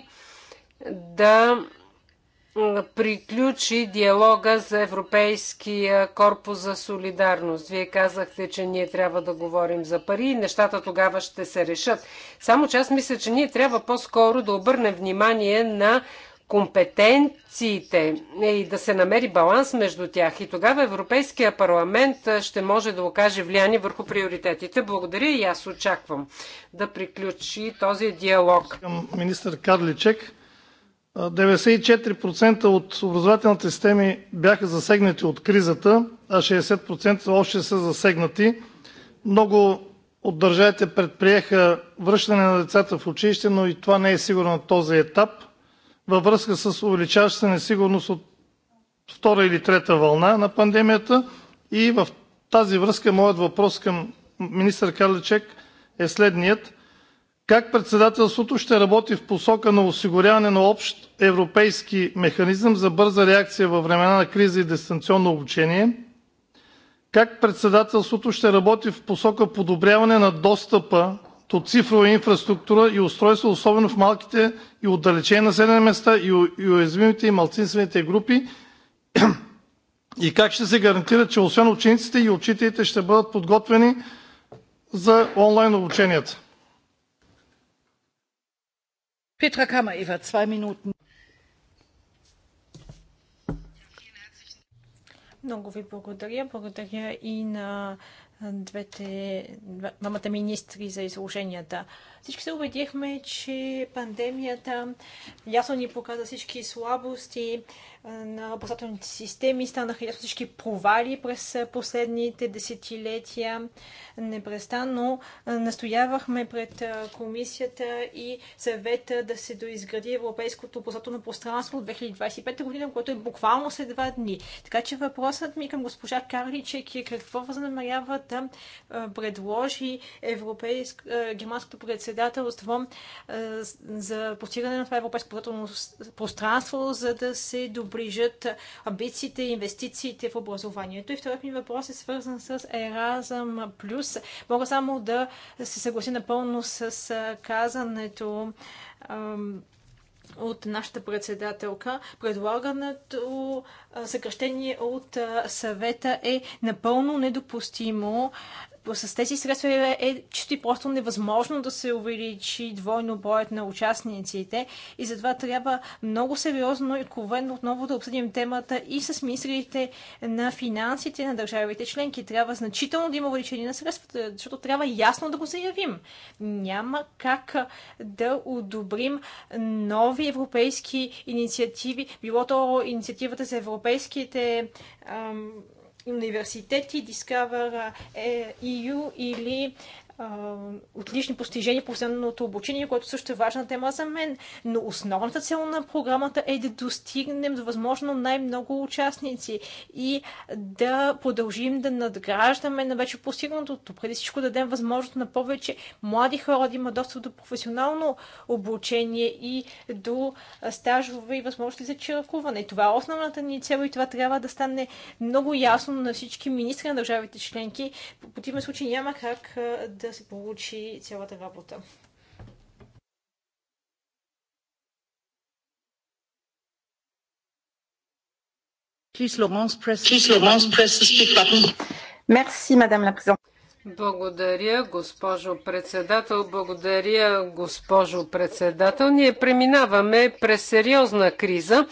да приключи диалога за Европейския корпус за солидарност. Вие казахте, че ние трябва да говорим за пари и нещата тогава ще се решат. Само че аз мисля, че ние трябва по-скоро да обърнем внимание на компетенциите и да се намери баланс между тях. И тогава Европейския парламент ще може да окаже влияние върху приоритетите. Благодаря и аз очаквам да приключи този диалог. Към министър Карличек 94% от образователните системи бяха засегнати от кризата, а 60% още са засегнати. Много от държавите предприеха връщане на децата в училище, но и това не е сигурно на този етап във връзка с увеличаваща се несигурност от втора или трета вълна на пандемията. И в тази връзка моят въпрос към министър Карличек е следният: как Председателството ще работи в посока на осигуряване на общ европейски механизъм за бърза реакция във времена на криза и дистанционно обучение; как Председателството ще работи в посока подобряване на достъпа до цифрова инфраструктура и устройства, особено в малките и отдалечени населени места и уязвимите и малцинствените групи; и как ще се гарантира, че освен учениците и учителите ще бъдат подготвени за онлайн обученията? Petra kammer zwei Minuten. Много ви благодаря. Благодаря и на двете, двамата министри за изложенията. Всички се убедихме, че пандемията ясно ни показа всички слабости на образователните системи, станаха ясно всички провали през последните десетилетия. Непрестанно настоявахме пред комисията и съвета да се доизгради европейското образователно пространство от 2025 година, което е буквално след два дни. Така че въпросът ми към госпожа Карличек е какво възнамерява да предложи европейск, германското председателство председателство е, за постигане на това европейско пространство, за да се доближат амбициите и инвестициите в образованието. И вторият ми въпрос е свързан с Еразъм Плюс. Мога само да се съглася напълно с е, казането от нашата председателка. Предлагането е, съкръщение от съвета е напълно недопустимо с тези средства е, е чисто и просто невъзможно да се увеличи двойно броят на участниците и затова трябва много сериозно и ковенно отново да обсъдим темата и с министрите на финансите на държавите членки. Трябва значително да има увеличение на средствата, защото трябва ясно да го заявим. Няма как да одобрим нови европейски инициативи, било то инициативата за европейските ам, университети, Discover EU е, или отлични постижения по последното обучение, което също е важна тема за мен. Но основната цел на програмата е да достигнем до възможно най-много участници и да продължим да надграждаме на вече постигнатото. Преди всичко да дадем възможност на повече млади хора да имат достъп до професионално обучение и до стажове и възможности за чиракуване. И това е основната ни цел и това трябва да стане много ясно на всички министри на държавите членки. По противен случай няма как да да се получи цялата работа. Благодаря, госпожо председател. Благодаря, госпожо председател. Ние преминаваме през сериозна криза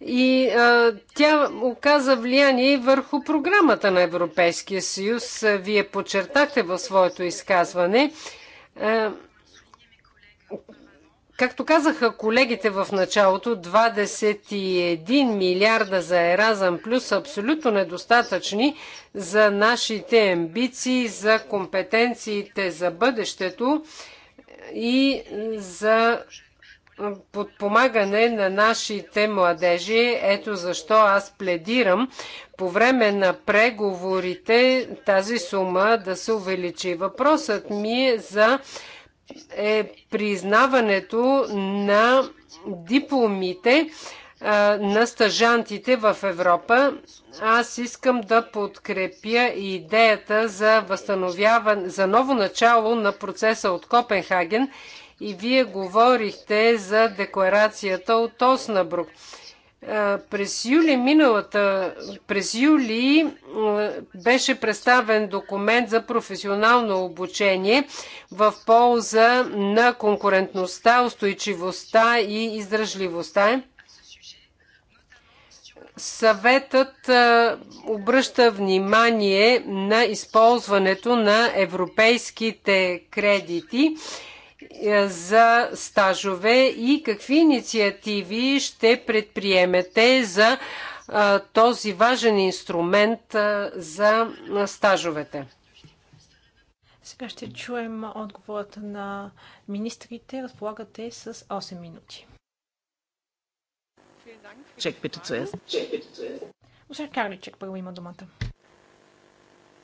и а, тя оказа влияние върху програмата на Европейския съюз. Вие подчертахте в своето изказване. А, както казаха колегите в началото, 21 милиарда за Еразъм плюс са абсолютно недостатъчни за нашите амбиции, за компетенциите за бъдещето и за подпомагане на нашите младежи. Ето защо аз пледирам по време на преговорите тази сума да се увеличи. Въпросът ми е за е признаването на дипломите на стажантите в Европа. Аз искам да подкрепя идеята за възстановяване, за ново начало на процеса от Копенхаген и вие говорихте за декларацията от Оснабрук. През юли миналата, през юли беше представен документ за професионално обучение в полза на конкурентността, устойчивостта и издръжливостта. Съветът обръща внимание на използването на европейските кредити е, за стажове и какви инициативи ще предприемете за този важен инструмент за стажовете? Сега ще чуем отговорът на министрите. Разполагате с 8 минути. Чек bitte zuerst. Господин Карличек първо има думата.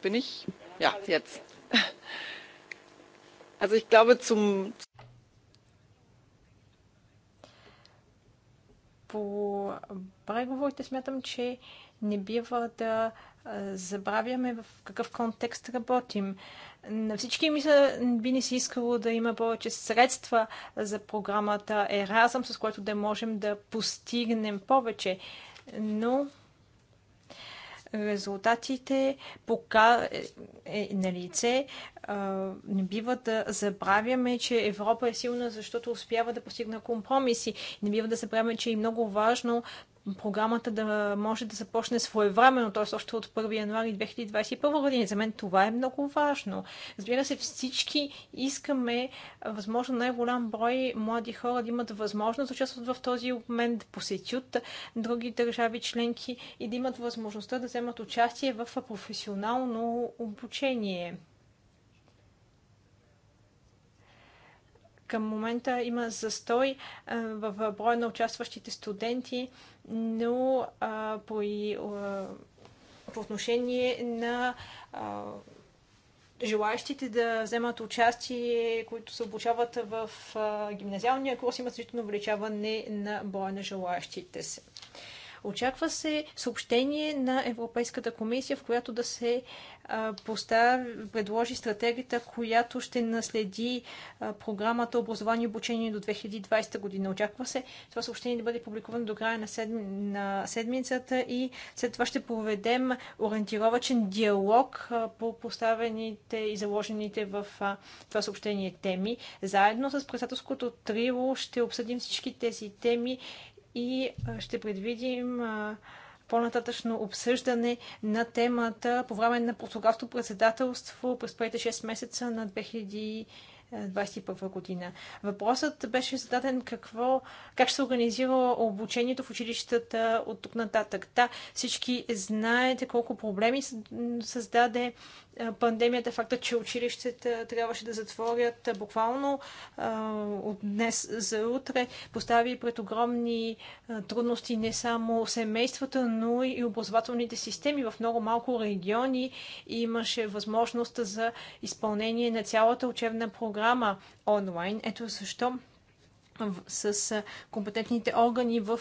Bin ich? Ja, Also ich glaube, zum. По преговорите смятам, че не бива да забравяме в какъв контекст работим. На всички мисля, би ни си искало да има повече средства за програмата Еразъм, с което да можем да постигнем повече. Но резултатите пока е, е на лице. Не бива да забравяме, че Европа е силна, защото успява да постигна компромиси. Не бива да забравяме, че е много важно програмата да може да започне своевременно, т.е. още от 1 януари 2021 година. За мен това е много важно. Разбира се, всички искаме възможно най-голям брой млади хора да имат възможност да участват в този обмен, да посетят други държави членки и да имат възможността да вземат участие в професионално обучение. Към момента има застой в броя на участващите студенти, но а, по, и, а, по отношение на а, желаящите да вземат участие, които се обучават в а, гимназиалния курс, има значително увеличаване на броя на желаящите се. Очаква се съобщение на Европейската комисия, в която да се постави, предложи стратегията, която ще наследи програмата образование и обучение до 2020 година. Очаква се това съобщение да бъде публикувано до края на, седми, на седмицата и след това ще проведем ориентировачен диалог по поставените и заложените в това съобщение теми. Заедно с председателското трио ще обсъдим всички тези теми и ще предвидим по-нататъчно обсъждане на темата по време на португалското председателство през първите 6 месеца на 2000 2021 година. Въпросът беше зададен какво, как ще се организира обучението в училищата от тук нататък. Та, всички знаете колко проблеми създаде пандемията, е факта, че училищата трябваше да затворят буквално от днес за утре, постави пред огромни трудности не само семействата, но и образователните системи. В много малко региони имаше възможност за изпълнение на цялата учебна програма онлайн. Ето защо с компетентните органи в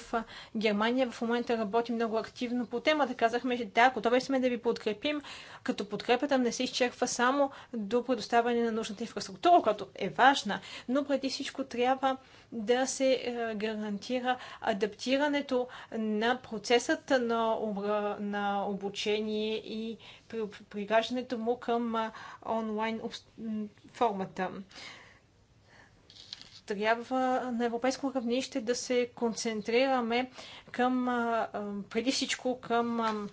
Германия. В момента работим много активно по темата. Казахме, че да, готови сме да ви подкрепим, като подкрепата не се изчерпва само до предоставяне на нужната инфраструктура, която е важна, но преди всичко трябва да се е, гарантира адаптирането на процесът на, на обучение и пригаждането му към онлайн формата трябва на европейско равнище да се концентрираме към, преди всичко към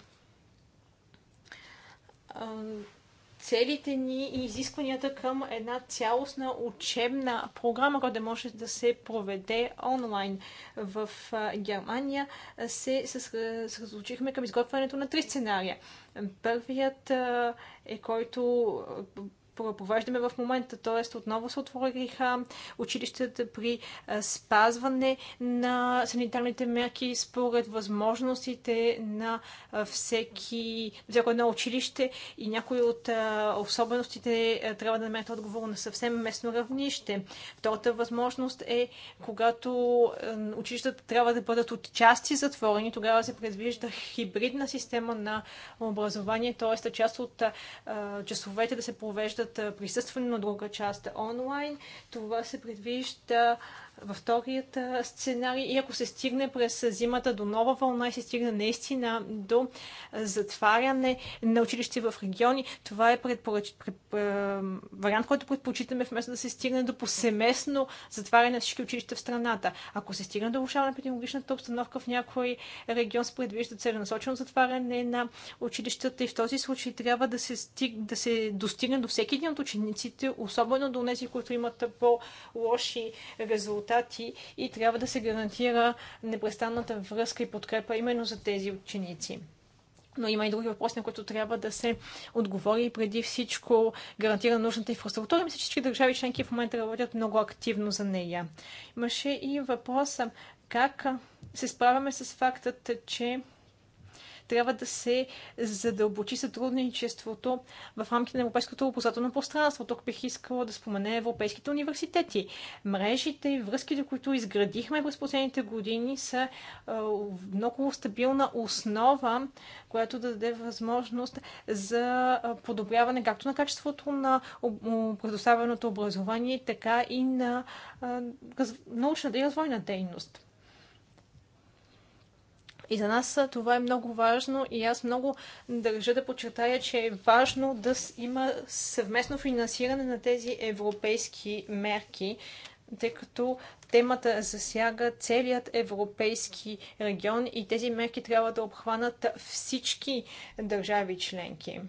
целите ни и изискванията към една цялостна учебна програма, която може да се проведе онлайн. В Германия се разлучихме към изготвянето на три сценария. Първият е който провеждаме в момента. Тоест, отново се отвориха училищата при спазване на санитарните мерки според възможностите на всеки, всяко едно училище и някои от особеностите трябва да намерят отговор на съвсем местно равнище. Втората възможност е, когато училищата трябва да бъдат от части затворени, тогава се предвижда хибридна система на образование, т.е. част от часовете да се провеждат присъстват присъствено, на друга част онлайн. Това се предвижда във вторият сценарий и ако се стигне през зимата до нова вълна и се стигне наистина до затваряне на училище в региони, това е предпоръч... вариант, който предпочитаме вместо да се стигне до повсеместно затваряне на всички училища в страната. Ако се стигне до влушаване на епидемиологичната обстановка в някой регион, се предвижда целенасочено затваряне на училищата и в този случай трябва да се, стиг... да се достигне до всеки един от учениците, особено до тези, които имат по-лоши резултати резултати и трябва да се гарантира непрестанната връзка и подкрепа именно за тези ученици. Но има и други въпроси, на които трябва да се отговори преди всичко гарантира нужната инфраструктура. Мисля, че всички държави членки в момента работят много активно за нея. Имаше и въпроса как се справяме с фактът, че трябва да се задълбочи сътрудничеството в рамките на европейското образователно пространство. Тук бих искала да спомене европейските университети. Мрежите и връзките, които изградихме през последните години, са много стабилна основа, която да даде възможност за подобряване както на качеството на предоставеното образование, така и на научната и развойна дейност. И за нас това е много важно и аз много държа да подчертая, че е важно да има съвместно финансиране на тези европейски мерки, тъй като темата засяга целият европейски регион и тези мерки трябва да обхванат всички държави членки.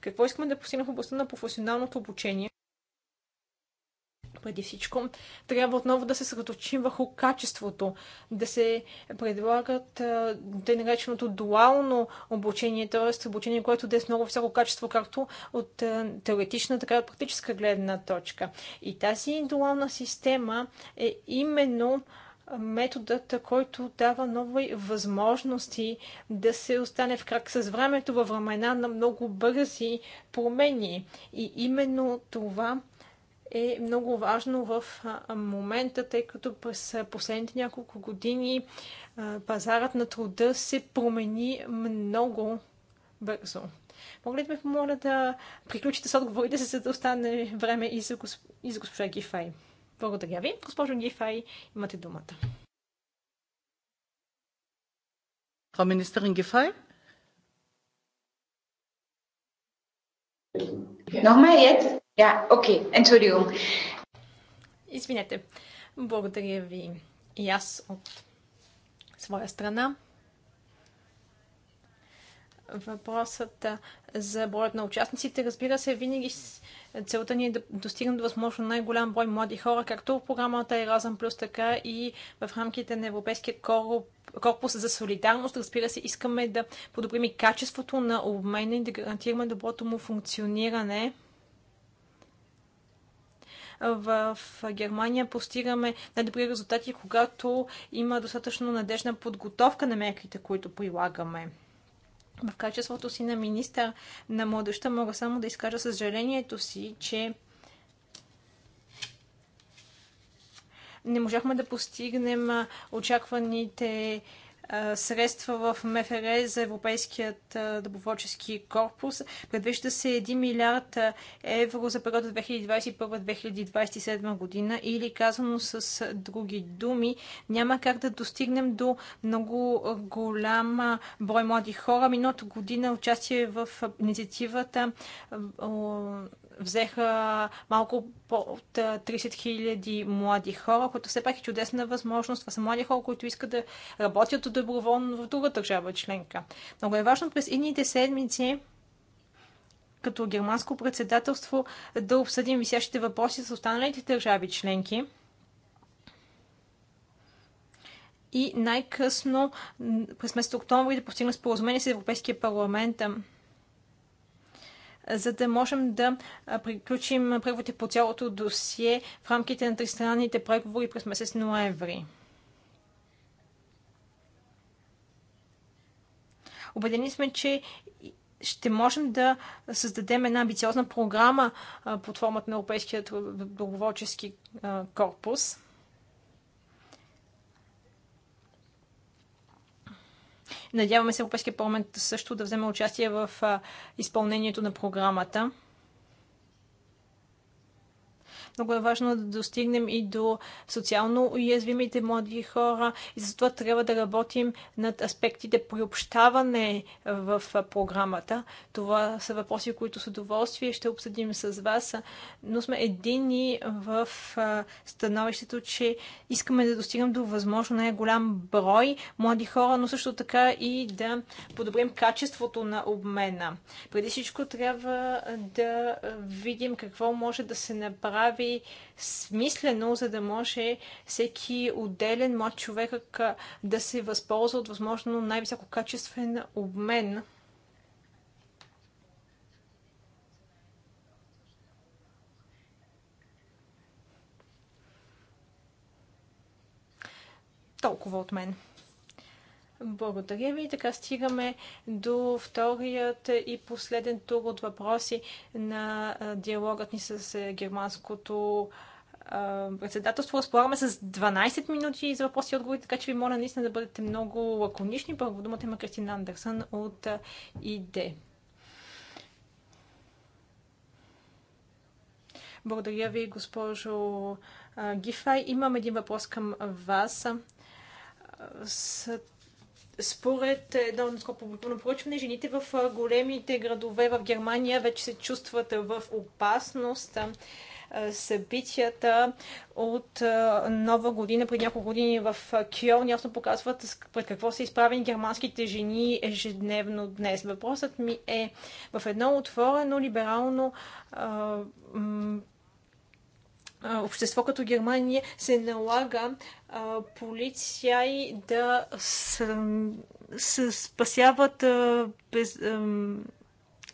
Какво искаме да постигнем в областта на професионалното обучение? преди всичко, трябва отново да се съсредоточим върху качеството, да се предлагат тъй нареченото дуално обучение, т.е. обучение, което да е с много високо качество, както от теоретична, така и от практическа гледна точка. И тази дуална система е именно методът, който дава нови възможности да се остане в крак с времето във времена на много бързи промени. И именно това е много важно в момента, тъй като през последните няколко години пазарът на труда се промени много бързо. Мога ли да ме помоля да приключите с отговорите за да остане време и за, госп... и за госпожа Гифай? Благодаря ви. Госпожо Гифай, имате думата. Frau Ministerin Гифай? Nochmal Ja, окей, okay. Entschuldigung. Извинете. Благодаря ви и аз от своя страна. Въпросът за броят на участниците, разбира се, винаги целта ни е да достигнем до възможно най-голям брой млади хора, както в програмата Еразъм Плюс, така и в рамките на Европейския корпус за солидарност. Разбира се, искаме да подобрим и качеството на обмена и да гарантираме доброто му функциониране в Германия постигаме най-добри резултати, когато има достатъчно надежна подготовка на мерките, които прилагаме. В качеството си на министър на младеща мога само да изкажа съжалението си, че не можахме да постигнем очакваните средства в МФР за Европейският доброволчески корпус. Предвижда се 1 милиард евро за периода 2021-2027 година или казано с други думи, няма как да достигнем до много голям брой млади хора. Миналата година участие в инициативата взеха малко от 30 хиляди млади хора, което все пак е чудесна възможност. Това са млади хора, които искат да работят доброволно в друга държава членка. Много е важно през едните седмици като германско председателство да обсъдим висящите въпроси с останалите държави членки и най-късно през месец октомври да постигна споразумение с Европейския парламент за да можем да приключим преговорите по цялото досие в рамките на тристранните преговори през месец ноември. Обедени сме, че ще можем да създадем една амбициозна програма под формата на Европейския договорчески корпус. Надяваме се Европейския парламент също да вземе участие в изпълнението на програмата. Много е важно да достигнем и до социално уязвимите млади хора и затова трябва да работим над аспектите приобщаване в програмата. Това са въпроси, които с удоволствие ще обсъдим с вас, но сме едини в становището, че искаме да достигнем до възможно най-голям брой млади хора, но също така и да подобрим качеството на обмена. Преди всичко трябва да видим какво може да се направи смислено, за да може всеки отделен млад човек да се възползва от възможно най високо качествен обмен. Толкова от мен. Благодаря ви. Така стигаме до вторият и последен тур от въпроси на диалогът ни с германското председателство. Разполагаме с 12 минути за въпроси и отговори, така че ви моля наистина да бъдете много лаконични. Първо думата има Кристина Андерсън от ИД. Благодаря ви, госпожо Гифай. Имам един въпрос към вас. Според едно наскоро публикувано проучване, жените в големите градове в Германия вече се чувстват в опасност събитията от нова година, преди няколко години в Кьол, ясно показват пред какво са изправени германските жени ежедневно днес. Въпросът ми е в едно отворено либерално общество като Германия се налага а, полицаи да с, с, спасяват а, без, а,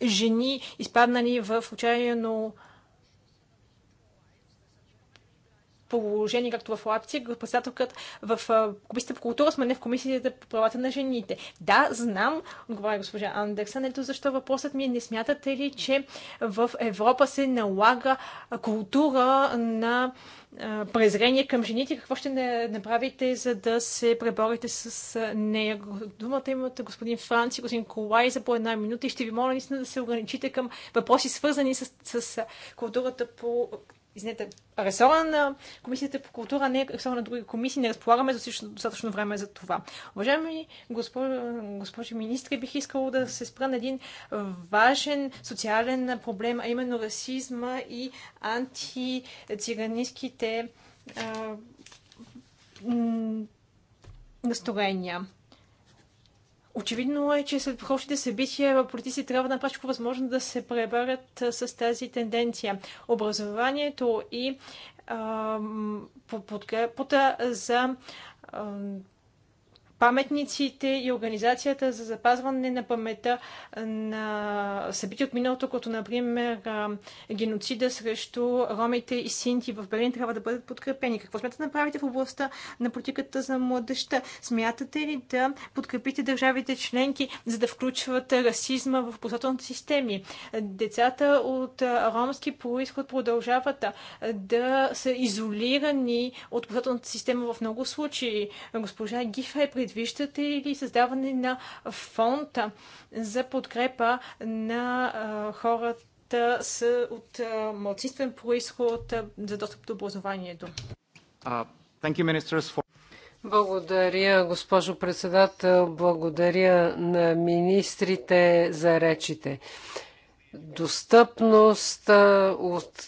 жени, изпаднали в отчаяно положение, както в Лапция, като председателката в Комисията по култура сме не в Комисията по правата на жените. Да, знам, отговаря госпожа Андерсън, ето защо въпросът ми е не смятате ли, че в Европа се налага култура на презрение към жените. Какво ще направите, за да се преборите с нея? Думата имате господин Франци, господин Колай за по една минута и ще ви моля наистина да се ограничите към въпроси, свързани с, с културата по Извинете, ресора на Комисията по култура, не е ресора на други комисии, не разполагаме за достатъчно време за това. Уважаеми госпожи, госпожи министри, бих искала да се спра на един важен социален проблем, а именно расизма и антициганистските настроения. Очевидно е, че след прохожите събития политици трябва да направят всичко възможно да се преберат с тази тенденция. Образованието и подкрепата за паметниците и Организацията за запазване на памета на събития от миналото, като например геноцида срещу ромите и синти в Берлин трябва да бъдат подкрепени. Какво смятате да направите в областта на политиката за младеща? Смятате ли да подкрепите държавите членки, за да включват расизма в образователните системи? Децата от ромски происход продължават да са изолирани от образователната система в много случаи. Госпожа Гифа е пред предвиждате или създаване на фонда за подкрепа на хората с, от младсинствен происход за достъп до образованието? Благодаря, госпожо председател. Благодаря на министрите за речите. Достъпност от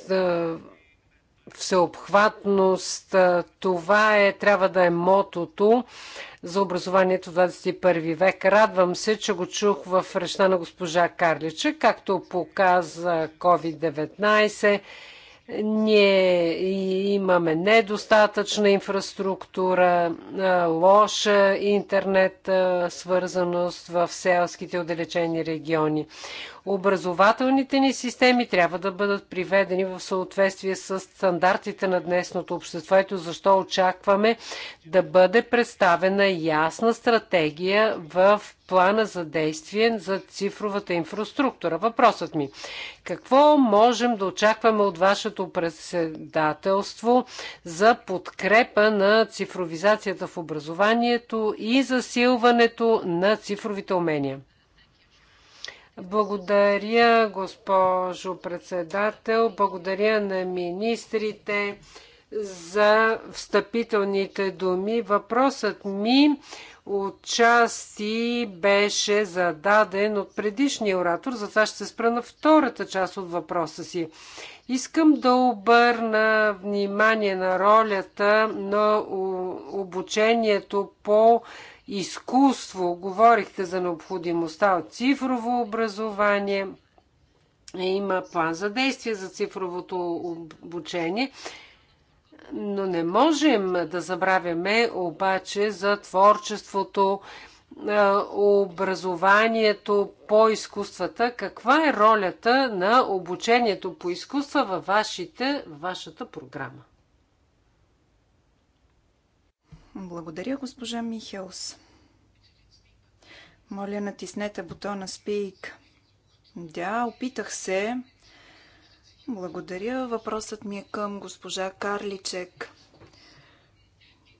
всеобхватност. Това е, трябва да е мотото за образованието в 21 век. Радвам се, че го чух в речта на госпожа Карлича, както показа COVID-19. Ние имаме недостатъчна инфраструктура, лоша интернет свързаност в селските отдалечени региони. Образователните ни системи трябва да бъдат приведени в съответствие с стандартите на днесното общество. Ето защо очакваме да бъде представена ясна стратегия в плана за действие за цифровата инфраструктура. Въпросът ми. Какво можем да очакваме от вашето председателство за подкрепа на цифровизацията в образованието и засилването на цифровите умения? Благодаря, госпожо председател. Благодаря на министрите за встъпителните думи. Въпросът ми отчасти беше зададен от предишния оратор, затова ще се спра на втората част от въпроса си. Искам да обърна внимание на ролята на обучението по изкуство, говорихте за необходимостта от цифрово образование, има план за действие за цифровото обучение, но не можем да забравяме обаче за творчеството, образованието по изкуствата. Каква е ролята на обучението по изкуства във вашите, вашата програма? Благодаря, госпожа Михелс. Моля, натиснете бутона Speak. Да, опитах се. Благодаря. Въпросът ми е към госпожа Карличек.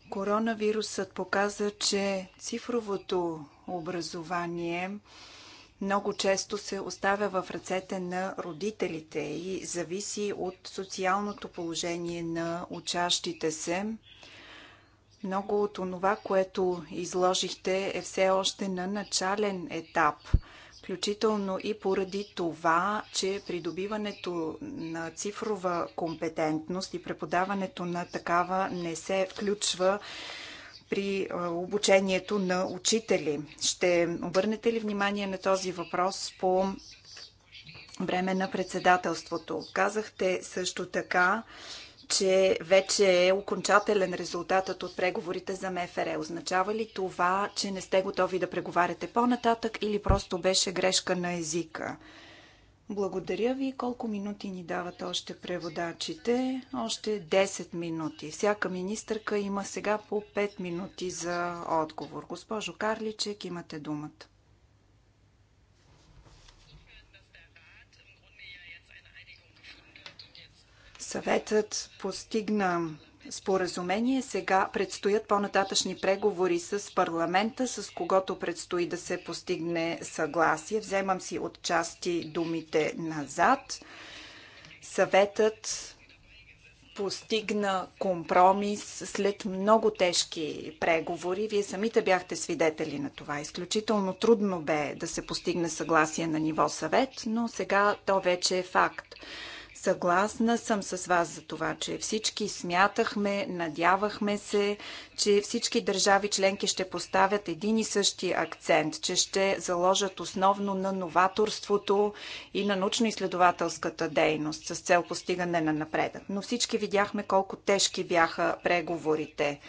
Коронавирусът показа, че цифровото образование много често се оставя в ръцете на родителите и зависи от социалното положение на учащите се. Много от онова, което изложихте, е все още на начален етап включително и поради това, че придобиването на цифрова компетентност и преподаването на такава не се включва при обучението на учители. Ще обърнете ли внимание на този въпрос по време на председателството? Казахте също така, че вече е окончателен резултатът от преговорите за МФР? Е. Означава ли това, че не сте готови да преговаряте по-нататък или просто беше грешка на езика? Благодаря ви. Колко минути ни дават още преводачите? Още 10 минути. Всяка министърка има сега по 5 минути за отговор. Госпожо Карличек, имате думата. Съветът постигна споразумение. Сега предстоят по-нататъчни преговори с парламента, с когото предстои да се постигне съгласие. Вземам си от части думите назад. Съветът постигна компромис след много тежки преговори. Вие самите бяхте свидетели на това. Изключително трудно бе да се постигне съгласие на ниво съвет, но сега то вече е факт. Съгласна съм с вас за това, че всички смятахме, надявахме се, че всички държави членки ще поставят един и същи акцент, че ще заложат основно на новаторството и на научно-изследователската дейност с цел постигане на напредък. Но всички видяхме колко тежки бяха преговорите.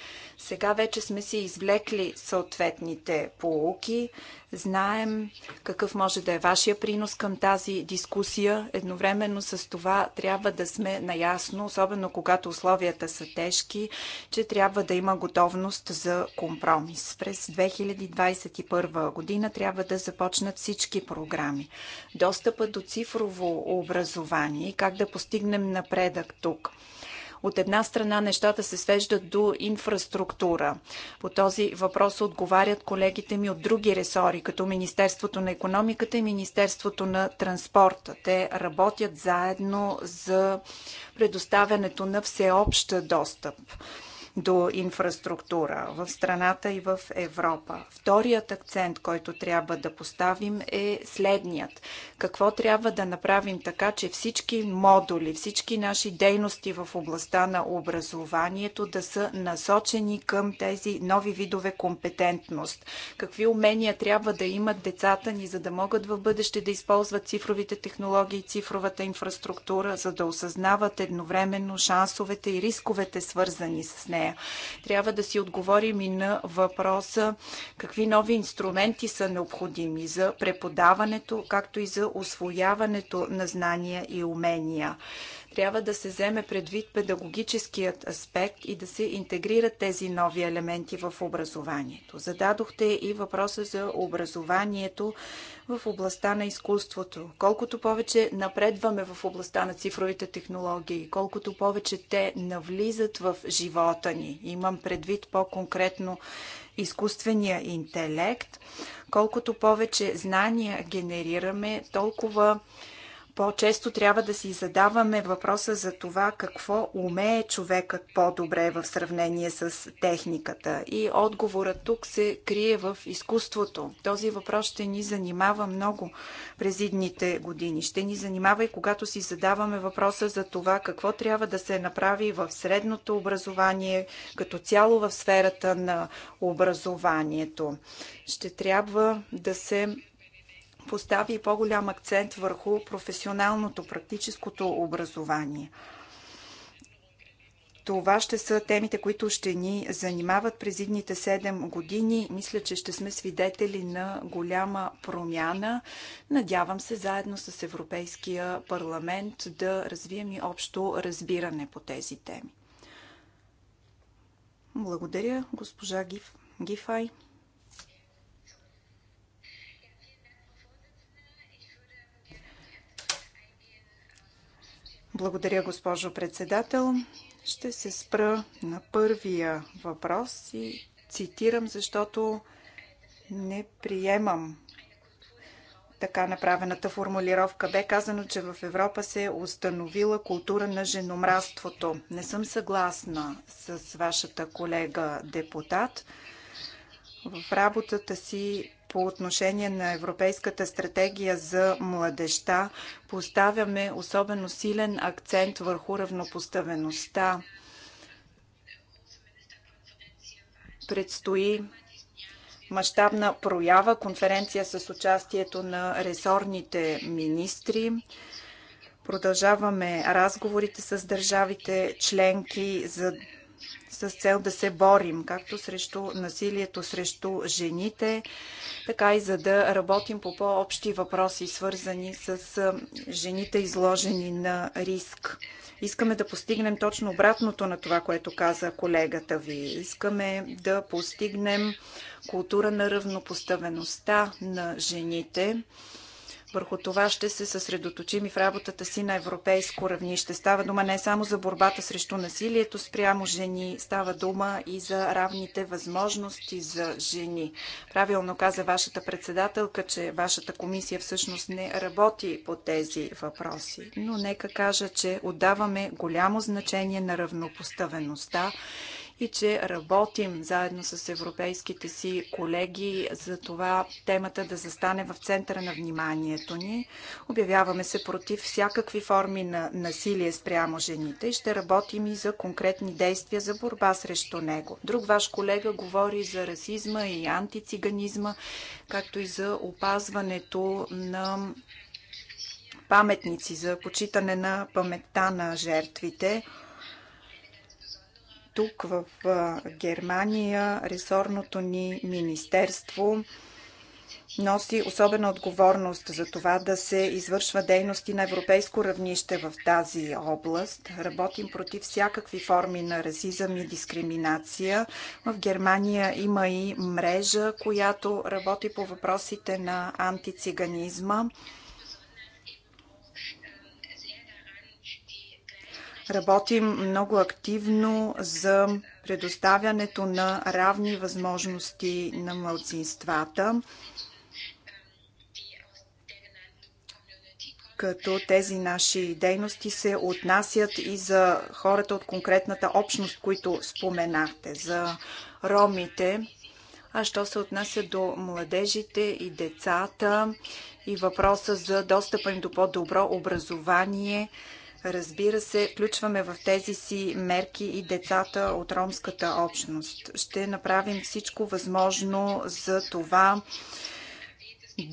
Сега вече сме си извлекли съответните полуки. Знаем какъв може да е вашия принос към тази дискусия. Едновременно с това трябва да сме наясно, особено когато условията са тежки, че трябва да има готовност за компромис. През 2021 година трябва да започнат всички програми. Достъпа до цифрово образование, и как да постигнем напредък тук – от една страна нещата се свеждат до инфраструктура. По този въпрос отговарят колегите ми от други ресори, като Министерството на економиката и Министерството на транспорта. Те работят заедно за предоставянето на всеобщ достъп до инфраструктура в страната и в Европа. Вторият акцент, който трябва да поставим е следният. Какво трябва да направим така, че всички модули, всички наши дейности в областта на образованието да са насочени към тези нови видове компетентност? Какви умения трябва да имат децата ни, за да могат в бъдеще да използват цифровите технологии и цифровата инфраструктура, за да осъзнават едновременно шансовете и рисковете, свързани с нея? нея. Трябва да си отговорим и на въпроса какви нови инструменти са необходими за преподаването, както и за освояването на знания и умения трябва да се вземе предвид педагогическият аспект и да се интегрират тези нови елементи в образованието. Зададохте и въпроса за образованието в областта на изкуството. Колкото повече напредваме в областта на цифровите технологии, колкото повече те навлизат в живота ни, имам предвид по-конкретно изкуствения интелект, колкото повече знания генерираме, толкова по-често трябва да си задаваме въпроса за това какво умее човекът по-добре в сравнение с техниката. И отговорът тук се крие в изкуството. Този въпрос ще ни занимава много през идните години. Ще ни занимава и когато си задаваме въпроса за това какво трябва да се направи в средното образование, като цяло в сферата на образованието. Ще трябва да се постави по-голям акцент върху професионалното, практическото образование. Това ще са темите, които ще ни занимават през идните 7 години. Мисля, че ще сме свидетели на голяма промяна. Надявам се заедно с Европейския парламент да развием и общо разбиране по тези теми. Благодаря, госпожа Гиф... Гифай. Благодаря, госпожо председател. Ще се спра на първия въпрос и цитирам, защото не приемам така направената формулировка. Бе казано, че в Европа се е установила култура на женомраството. Не съм съгласна с вашата колега депутат. В работата си по отношение на Европейската стратегия за младеща поставяме особено силен акцент върху равнопоставеността. Предстои мащабна проява, конференция с участието на ресорните министри. Продължаваме разговорите с държавите членки за с цел да се борим както срещу насилието срещу жените, така и за да работим по по-общи въпроси, свързани с жените изложени на риск. Искаме да постигнем точно обратното на това, което каза колегата ви. Искаме да постигнем култура на равнопоставеността на жените върху това ще се съсредоточим и в работата си на европейско равнище. Става дума не само за борбата срещу насилието спрямо жени, става дума и за равните възможности за жени. Правилно каза вашата председателка, че вашата комисия всъщност не работи по тези въпроси. Но нека кажа, че отдаваме голямо значение на равнопоставеността и че работим заедно с европейските си колеги за това темата да застане в центъра на вниманието ни. Обявяваме се против всякакви форми на насилие спрямо жените и ще работим и за конкретни действия за борба срещу него. Друг ваш колега говори за расизма и антициганизма, както и за опазването на паметници за почитане на паметта на жертвите тук в Германия ресорното ни министерство носи особена отговорност за това да се извършва дейности на европейско равнище в тази област. Работим против всякакви форми на расизъм и дискриминация. В Германия има и мрежа, която работи по въпросите на антициганизма. Работим много активно за предоставянето на равни възможности на мълцинствата, като тези наши дейности се отнасят и за хората от конкретната общност, които споменахте, за ромите. А що се отнася до младежите и децата и въпроса за достъпа им до по-добро образование – Разбира се, включваме в тези си мерки и децата от ромската общност. Ще направим всичко възможно за това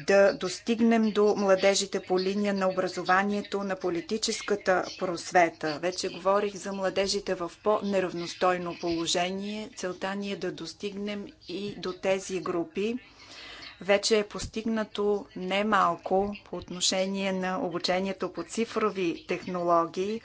да достигнем до младежите по линия на образованието, на политическата просвета. Вече говорих за младежите в по-неравностойно положение. Целта ни е да достигнем и до тези групи. Вече е постигнато немалко по отношение на обучението по цифрови технологии.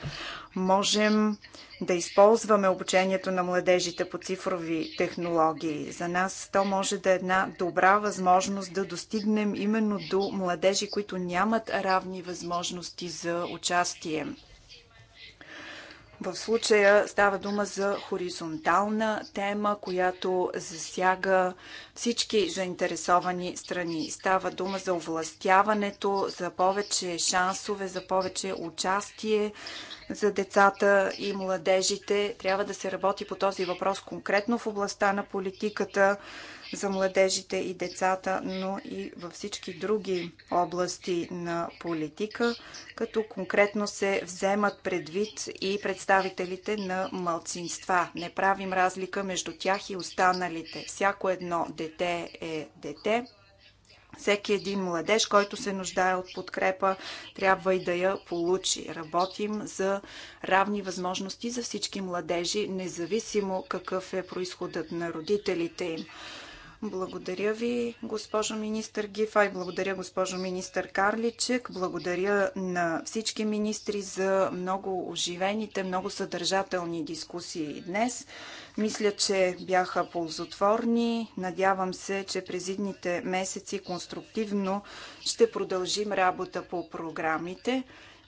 Можем да използваме обучението на младежите по цифрови технологии. За нас то може да е една добра възможност да достигнем именно до младежи, които нямат равни възможности за участие в случая става дума за хоризонтална тема, която засяга всички заинтересовани страни. Става дума за овластяването, за повече шансове, за повече участие за децата и младежите. Трябва да се работи по този въпрос конкретно в областта на политиката за младежите и децата, но и във всички други области на политика, като конкретно се вземат предвид и представителите на малцинства. Не правим разлика между тях и останалите. Всяко едно дете е дете. Всеки един младеж, който се нуждае от подкрепа, трябва и да я получи. Работим за равни възможности за всички младежи, независимо какъв е происходът на родителите им. Благодаря ви, госпожо министър Гифай, благодаря госпожо министър Карличек, благодаря на всички министри за много оживените, много съдържателни дискусии днес. Мисля, че бяха ползотворни. Надявам се, че през идните месеци конструктивно ще продължим работа по програмите.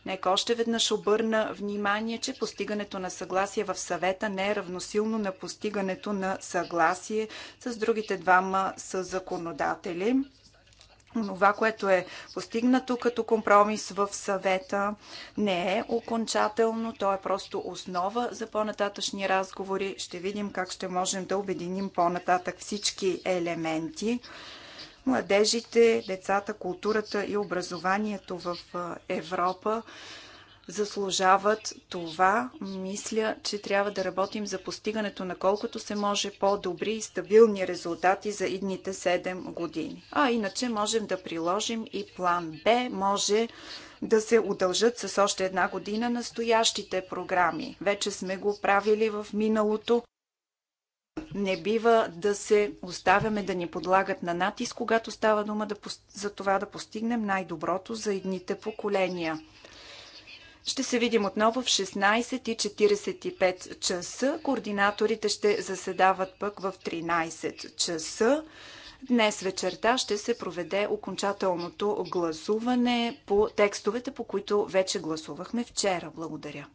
Нека още веднъж обърна внимание, че постигането на съгласие в съвета не е равносилно на постигането на съгласие с другите двама съзаконодатели. Това, което е постигнато като компромис в съвета, не е окончателно, то е просто основа за по-нататъчни разговори. Ще видим как ще можем да обединим по-нататък всички елементи. Младежите, децата, културата и образованието в Европа заслужават това. Мисля, че трябва да работим за постигането на колкото се може по-добри и стабилни резултати за идните 7 години. А иначе можем да приложим и план Б, може да се удължат с още една година настоящите програми. Вече сме го правили в миналото не бива да се оставяме да ни подлагат на натиск, когато става дума да, за това да постигнем най-доброто за едните поколения. Ще се видим отново в 16.45 часа. Координаторите ще заседават пък в 13 часа. Днес вечерта ще се проведе окончателното гласуване по текстовете, по които вече гласувахме вчера. Благодаря.